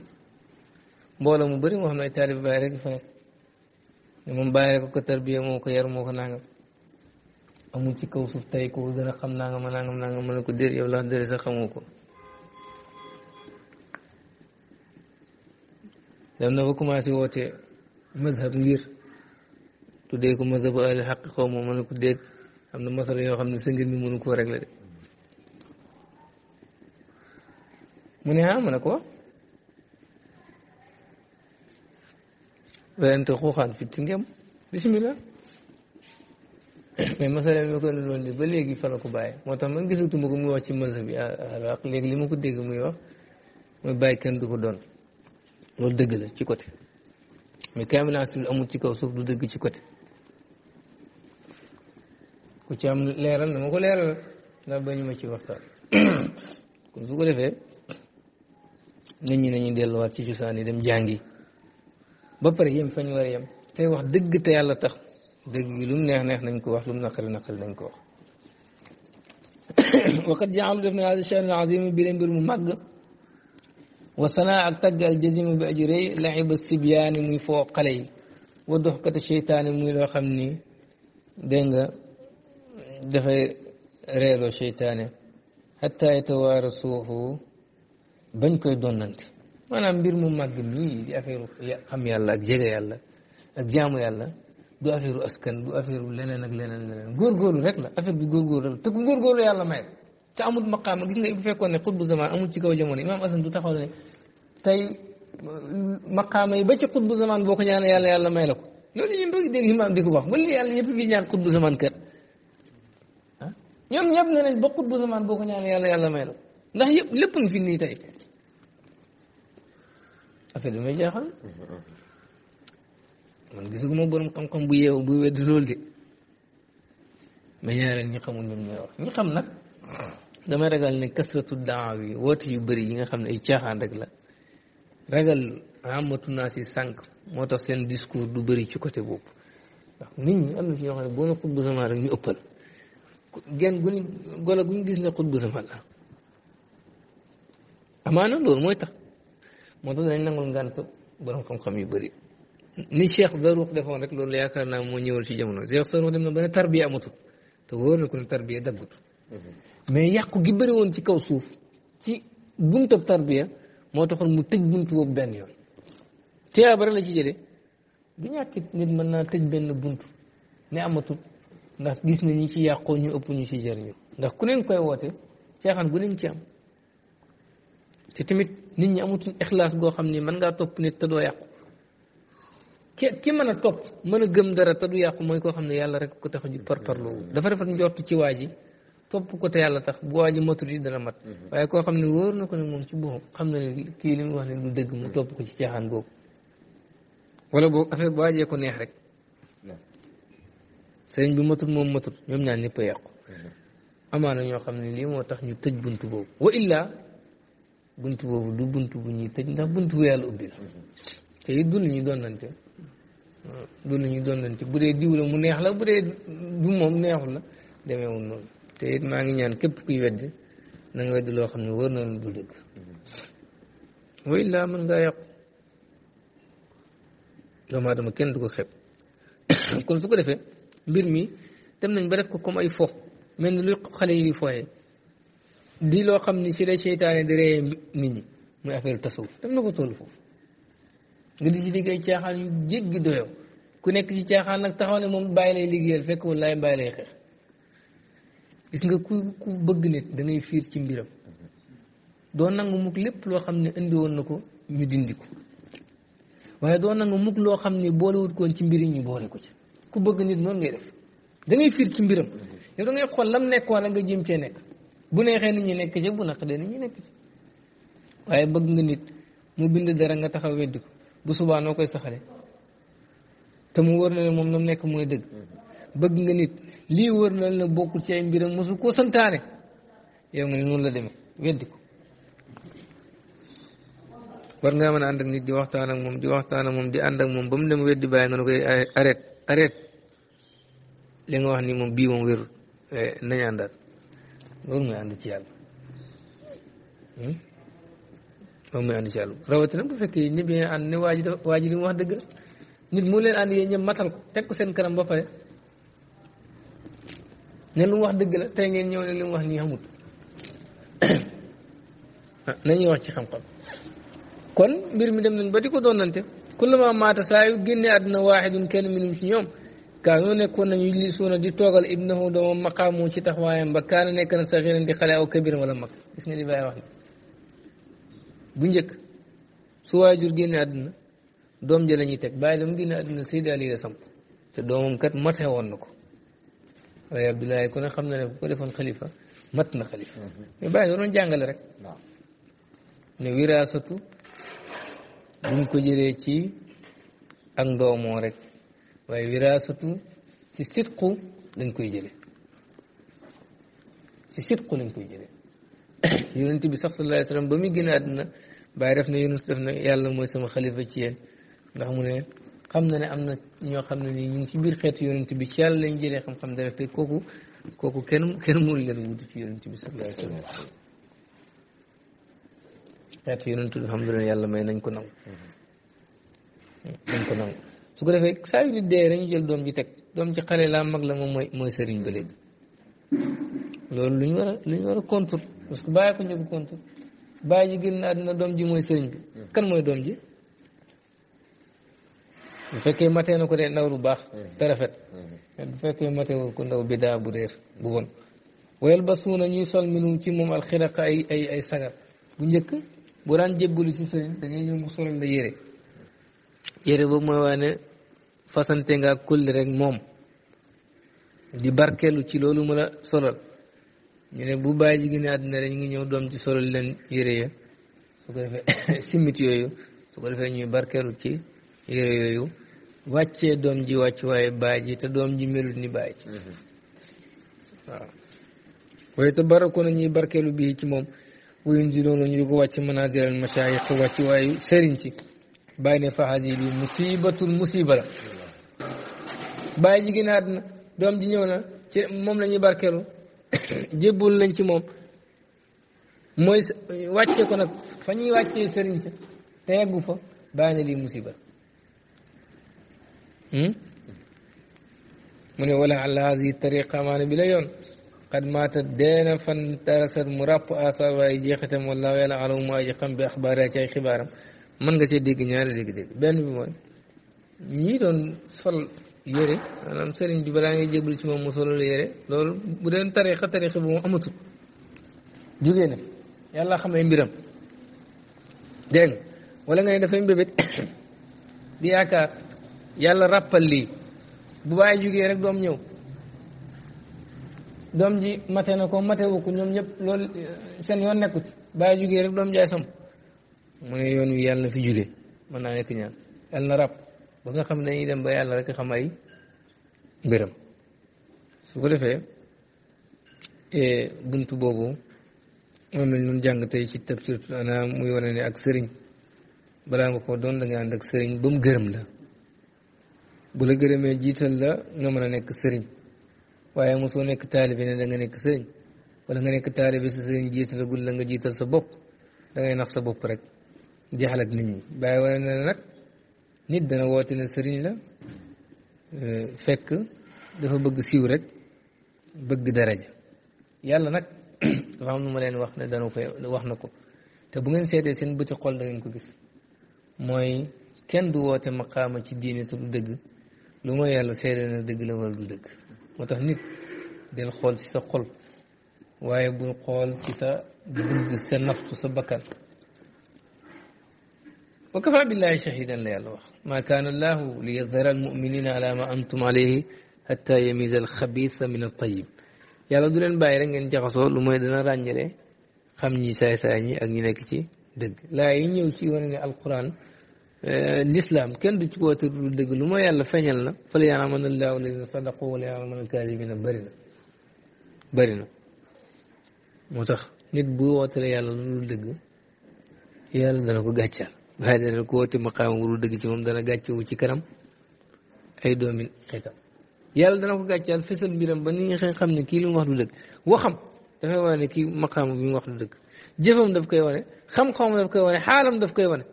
mbooloo mu bari moo xam ne ay taalib bàyyi rek fa nekk ne moom bàyyi rek ko tarbiya moo ko yar moo ko nangam amul ci kaw suuf tey ko gën a xam nangam nangam nangam mën na ko dér yow laa dér sax xamoo ko dem na ba commencé woote mazhab ngir tuddee ko mazhabu al xaq xaw ma mën na ko déet am na masala yoo xam ne sa ngir mi mënu koo réglé de mu ne ah ma ne ko werante xuuxaan fi ci ngem bisimilah mais masala mi ko ne loon di ba léegi fa la ko bàyyi moo tax man gisatuma ko muy wax ci mazhab bi alors léegi li ma ko dégg muy wax mooy bàyyi kenn du ko doon loolu dëgg la ci côté mais kaamilaas amul ci kaw suuf du dëgg ci côté ku ci am leeral na ma ko leeral ndax bañu ma ci waxtaan kon su ko defee nit ñi nañuy delluwaat ci cosaan yi dem jàngi ba pare yem fañ war a yem wax dëgg te yàlla tax dëgg gi lu mu neex neex nañ ko wax lu mu naqari naqari nañ ko wax waqat jaalu def na hada shan al bi leen mbir mu màgg wa sanaa ak tagg al jazima bi aju rëy laxiba sibyaani muy foo xale yi wa doxkata muy loo xam ni dégg dafay reeloo seytaane xatta yatawaara suufu bañ koy donnante maanaam mbir mu màgg mii di affaire xam yàlla ak jege yàlla ak jaamu yàlla du affaire askan du affaire leneen ag leneen leneen góorgóorlu rek la affaire bi góorgóorlu rek la te ku góorgóorlu yàlla may te amul maqaama gis nga bu fekkoon ne xutbu zaman amul ci kaw jamono imaam asan du taxaw ne tey maqaama yi ba ci xutbu zaman boo ko yàlla yàlla may la ko loolu yëpp dégg imaam di ko wax wala yàlla ñëpp ñoom ñëpp ne nañ bokkut bu zamaan boo ko ñaan yàlla yàlla may la ndax yëpp lépp nga fi nii tey affaire damay jaaxal man gisuma borom xam-xam bu yeewu bu wedd loolu de mais ñaareel ñi xam nag damay ragal ne kasratu daaw yi yu bëri yi nga xam ne ay caaxaan rek la ragal amatu naa si sànq moo tax seen discours du bëri ci côté boobu ndax rek ñu ëppal genn gu ni golo gu ñu gis ne xut bu sama la amaana loolu mooy tax moo tax dañ nangul ngànt borom xam-xam yu bëri ni Cheikh Zaruq defoon rek loolu yaakaar naa moo ñëwal ci jamono Cheikh Zaruq dem na ba ne tarbiya amatul te wóor na ko ne tarbiya daggut mhm. mais yàqu gi bëri woon ci kaw suuf ci buntab tarbiya moo taxoon mu tëj buntu boobu benn yoon tiyaaba rek la ci jëlee du ñàkkit nit mën naa tëj benn bunt ne amatul ndax gis na ñi ci yàqoo ñu ëpp ñu ci jëriñu ndax ku leen koy woote caaxaan gu leen ci am te tamit nit ñi amatuñ ixlaas goo xam ne mën ngaa topp nit te doo yàqu ki ki mën a topp mën a gëm dara te du yàqu mooy koo xam ne yàlla rek ko tax a jug par parloo dafa rafet njort ci waa ji topp ko te yàlla tax bu waa ji matul yi dana mat mm-hmm. waaye koo xam ne wóor na ko ne moom ci boppam xam ne kii li mu wax ne du dëgg mu topp ko ci caaxaan googu wala boog affaire sëriñ bi matul moom matul ñoom ñaan ñëpp a yàqu mm-hmm. amaana ñoo xam ne lii moo tax ñu tëj buntu boobu wa illa bunt boobu du bunt bu ñu tëj ndax buntu bu yàlla ubbi la mm-hmm. te it du lu ñuy donnante du lu ñuy bu mu neex la bu dee du neexul la demeewul noonu te maa ngi ñaan képp kuy wedd na nga loo xam ne wër na la du dëgg mm-hmm. wa illa mën ngaa yàqu doomu aadama kenn du ko xeeb kon su defee mbir mi dem nañ ba def ko comme ay fo mel ni lu xale yi fooyee di loo xam ni ci la seytaane di reyee nit ñi muy affaire tasawuf dem na ko toll foofu nga di ci liggéey caaxaan yu jéggi doyoo ku nekk ci caaxaan nag taxaw ne moom bàyyi lay liggéeyal fekk wallaay bàyyi lay xeex gis nga ku ku bëgg nit da fiir ci mbiram doo nangu mukk lépp loo xam ne indiwoon na ko ñu dindi ko waaye doo nangu mukk loo xam ne boolewut koon ci mbiri ñu boole ko ci ku bëgg nit noonu ngay def da fiir ci mbiram yow da ngay xool lam nekkoon nga jéem cee nekk bu neexee nit ñi nekk ci bu naqdee nekk ci waaye bëgg nga nit mu bind dara nga taxaw weddi bu subaa noo koy saxale te mu wër na ne moom nam nekk mooy dëgg bëgg nga nit lii wër na ne bokkul ci ay mbiram mosu koo santaane yow nga ne noonu la demee weddi ko war ngaa mën a ànd ak nit di waxtaan ak moom di waxtaan ak moom di ànd ak moom ba mu dem weddi bàyyi nga ne koy arrêté aret li nga wax ni mom eh, hmm? bi mom wérut nañ andat loolu nga ànd ci hmm mom nga ànd ci rawati rawatina bu fekkee ñëpp bi and ni waji waji li mu wax deug nit mo leen ànd yéen matal ko tek ko seen kanam ba pare ne lu wax deug la tay ngeen ñew li mu wax ni xamut ah, nañuy wax ci xam-xam kon mbir mi dem nañ ba diko donante kullama maata saa yu génne àdduna waaxidun kenn minum ci ñoom kaanoo nekkoon nañu lii suuna di toogal ibnahu doomam maqaamu ci taxawaayam ba kaana nekk na saxiran di xale aw kabiran wala mag gis nga li Baay wax ni bu njëkk su waajur génne àdduna doom ja ñuy teg bàyyi la mu génne àdduna Seydi Ali la samp te doomam mate woon na ko waaye Abdoulaye ku ne xam na ne bu ko defoon xalifa mat na xalifa mm-hmm. bàyyi waroon jàngale rek ne wiraasatu bu mu ko jëlee ci ak ndoomoo rek waaye wiraasatu ci sitqu lañ koy jële ci sitqu lañ koy jële yonent bi sax sallallahu alayhi ba muy génn àddina bàyyi def na yonent def na yàlla mooy sama xalifa ci yéen ndax mu ne xam na ne am na ñoo xam ne nii ñu ci biir xeetu yonent bi ci yàlla lañ jëlee xam-xam dara te kooku kooku kenn kenn mënu leen wutu ci yonent bi sallallahu alayhi xeetu yonent bi alhamdulilah yàlla may nañ ko nangu nañ ko nangu su ko defee saa yu nit dee dañu jël doom ji teg doom ci xale laa mag la moom mooy mooy sëriñ ba léegi loolu lu ñu war a lu ñu war a parce que bàyyi ko ñu ko contour bàyyi ji doom ji mooy sëriñ bi kan mooy doom ji bu fekkee matee na ko dee ndaw lu baax te rafet bu fekkee matewul ko ndaw bidaa bu réer bu bon wayal ba suuna ñuy sol minu ci moom alxiraqa ay ay sagar bu njëkk ɓuran jebbuli sisen dañay ñoo musoral la yére yére boo mooy waane fasante nga kulli rek moom di barkeelu ci loolu ma la solal ñu ne bu bàyyi jigéni àdduna rek ñu ngi ñëw doom ci solal leen yére ya su ko defee simit yooyu su ko defee ñuy barkeelu ci yére yooyu wàccee doom ji wàcc waaye bàyyi ji te doom ji mélul ni bàyyi ji mm-hmm. waaw waaye te barako na ñuy barkeelu bii ci moom mm -hmm. wuyun si doon ñu di ko wàcc manazir al mashayikh wàcc waayu sëriñ ci bàyyi ne faxas yi lii musibatul musiba la bàyyi ji gënaat na doom ji ñëw na ci moom la ñuy barkeelu jébbul lañ ci moom mooy wàcce ko nag fa ñuy wàccee sëriñ ca te yeggu fa bàyyi ne lii musiba hmm? mu ne wala ala hadihi tariqa maana bi la yoon xad maata deena fan tarasat mu ràpp asar waaye jeexitam wallaahu yàlla alamu maa ji xam bi axbaar yaa ci ay xibaaram mën nga cee dégg ñaari dégg-dégg benn bi mooy ñii doon sol yére maanaam sëriñ bi balaa ngay jébal ci moom mu solol yére loolu bu deen tarixa tarixa bi moom amatul jógee na yàlla xam mbiram dégg nga wala nga ne dafay mbébét di yaakaar yàlla ràppal lii bu bàyyi jógee rek doom ñëw doom ji mate na ko mate wu ko ñoom ñëpp loolu eh, seen yoon nekkut bàyyi jugee rek doom jaay sam mu ne yoon wi yàlla na fi jugee mën naa nekk ñaan yàlla na rab ba nga xam ne dañuy dem ba yàlla rek xam ay mbiram su eh, boobu moom lañ doon ci tafsirtul anaam muy wane ak sëriñ balaa nga ko doon da nga ànd ak sëriñ ba mu gërëm la bu la gërëmee jiital la nga mën a nekk sëriñ waaye mosoo nekk taalibi ne da nga nekk sëriñ wala nga nekk taalibi sa sëriñ jiitalagul la nga jiital sa bopp da ngay nax sa bopp rek jeexal ak nit ñi war wane ne nag nit dana woote ne sëriñ la euh, fekk dafa bëgg siiw rek bëgg daraja yàlla nag dafa am nu ma leen wax ne dana koy wax na ko te bu ngeen seetee seen bëti xol da ngeen ko gis mooy kenn du woote maqaama ci diine te du dëgg lu mooy yàlla seede na dëgg la wala du dëgg moo tax nit del xool ci sa xol waaye bul xool ci sa bëgg sa nafsu sa bakkan wa kafa billahi shahidan la yàlla wax maa kaan allahu li yadara almuminina ala ma antum alayhi xata yamiza alxabisa min altayib yàlla du leen bàyyi rek ngeen jaxasoo lu mooy dana ràññale xam ñi saay-saay ñi ak ñi nekk ci dëgg laa yi ñëw ci wane ne alquran Euh, lislaam kenn du ci woote du dëgg lu ma yàlla feeñal na a ya'lamanna llaahu allaziina sadaqu wala ya'lamanna l-kaadibiina bëri na bëri na moo tax nit bu wootale yàlla lu dëgg yàlla dana ko gàccal waaye dana ko dëgg ci moom dana gàccewu ci kanam ay doomi xetam yàlla dana ko gàccal fësal mbiram ba nit ñi xam ne kii li mu wax du dëgg waxam dafay wane kii maqaama bi mu wax du dëgg jëfam daf koy wane xam-xamam daf koy wane xaalam daf koy wane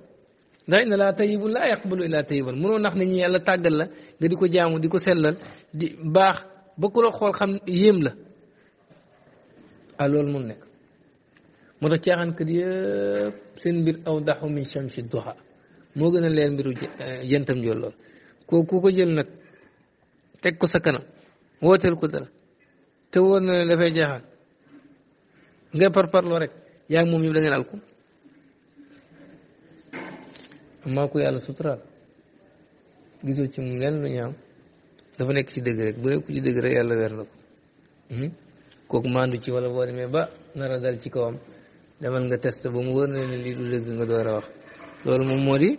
ndax inna laa tayyibun laa yaqbalu illaa tayyiban mënoo nax nit ñi yàlla tàggal la nga di ko jaamu di ko sellal di baax ba ku la xool xam yéem la ah loolu mun nekk moo tax caaxaankat yëpp seen mbir aw daxu min chamsi duha moo gën a leer mbiru jëntam eh, jool lool koo ku ko jël nag teg ko sa kanam wooteel ko dara te wóor na ne dafay jaaxaan nga loo rek yaa moom ñu da ngeen alku maa ko yàlla sutural gisoo ci moom lenn lu ñaaw dafa nekk ci dëgg rek bu nekku ci dëgg rek yàlla weer na ko hmm? kooku maandu ci wala boo demee ba nar dal ci kawam demal nga test ba mu wër na lii du dëgg nga door a wax loolu moom moo di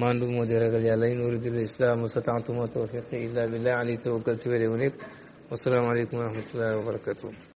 maandu moo di ragal yàlla in uridul islam wastata'tu ma tawfiqi illa billah alayhi tawakkaltu wa ilayhi unib wassalaamu aleykum wa rahmatullahi wa barakatuh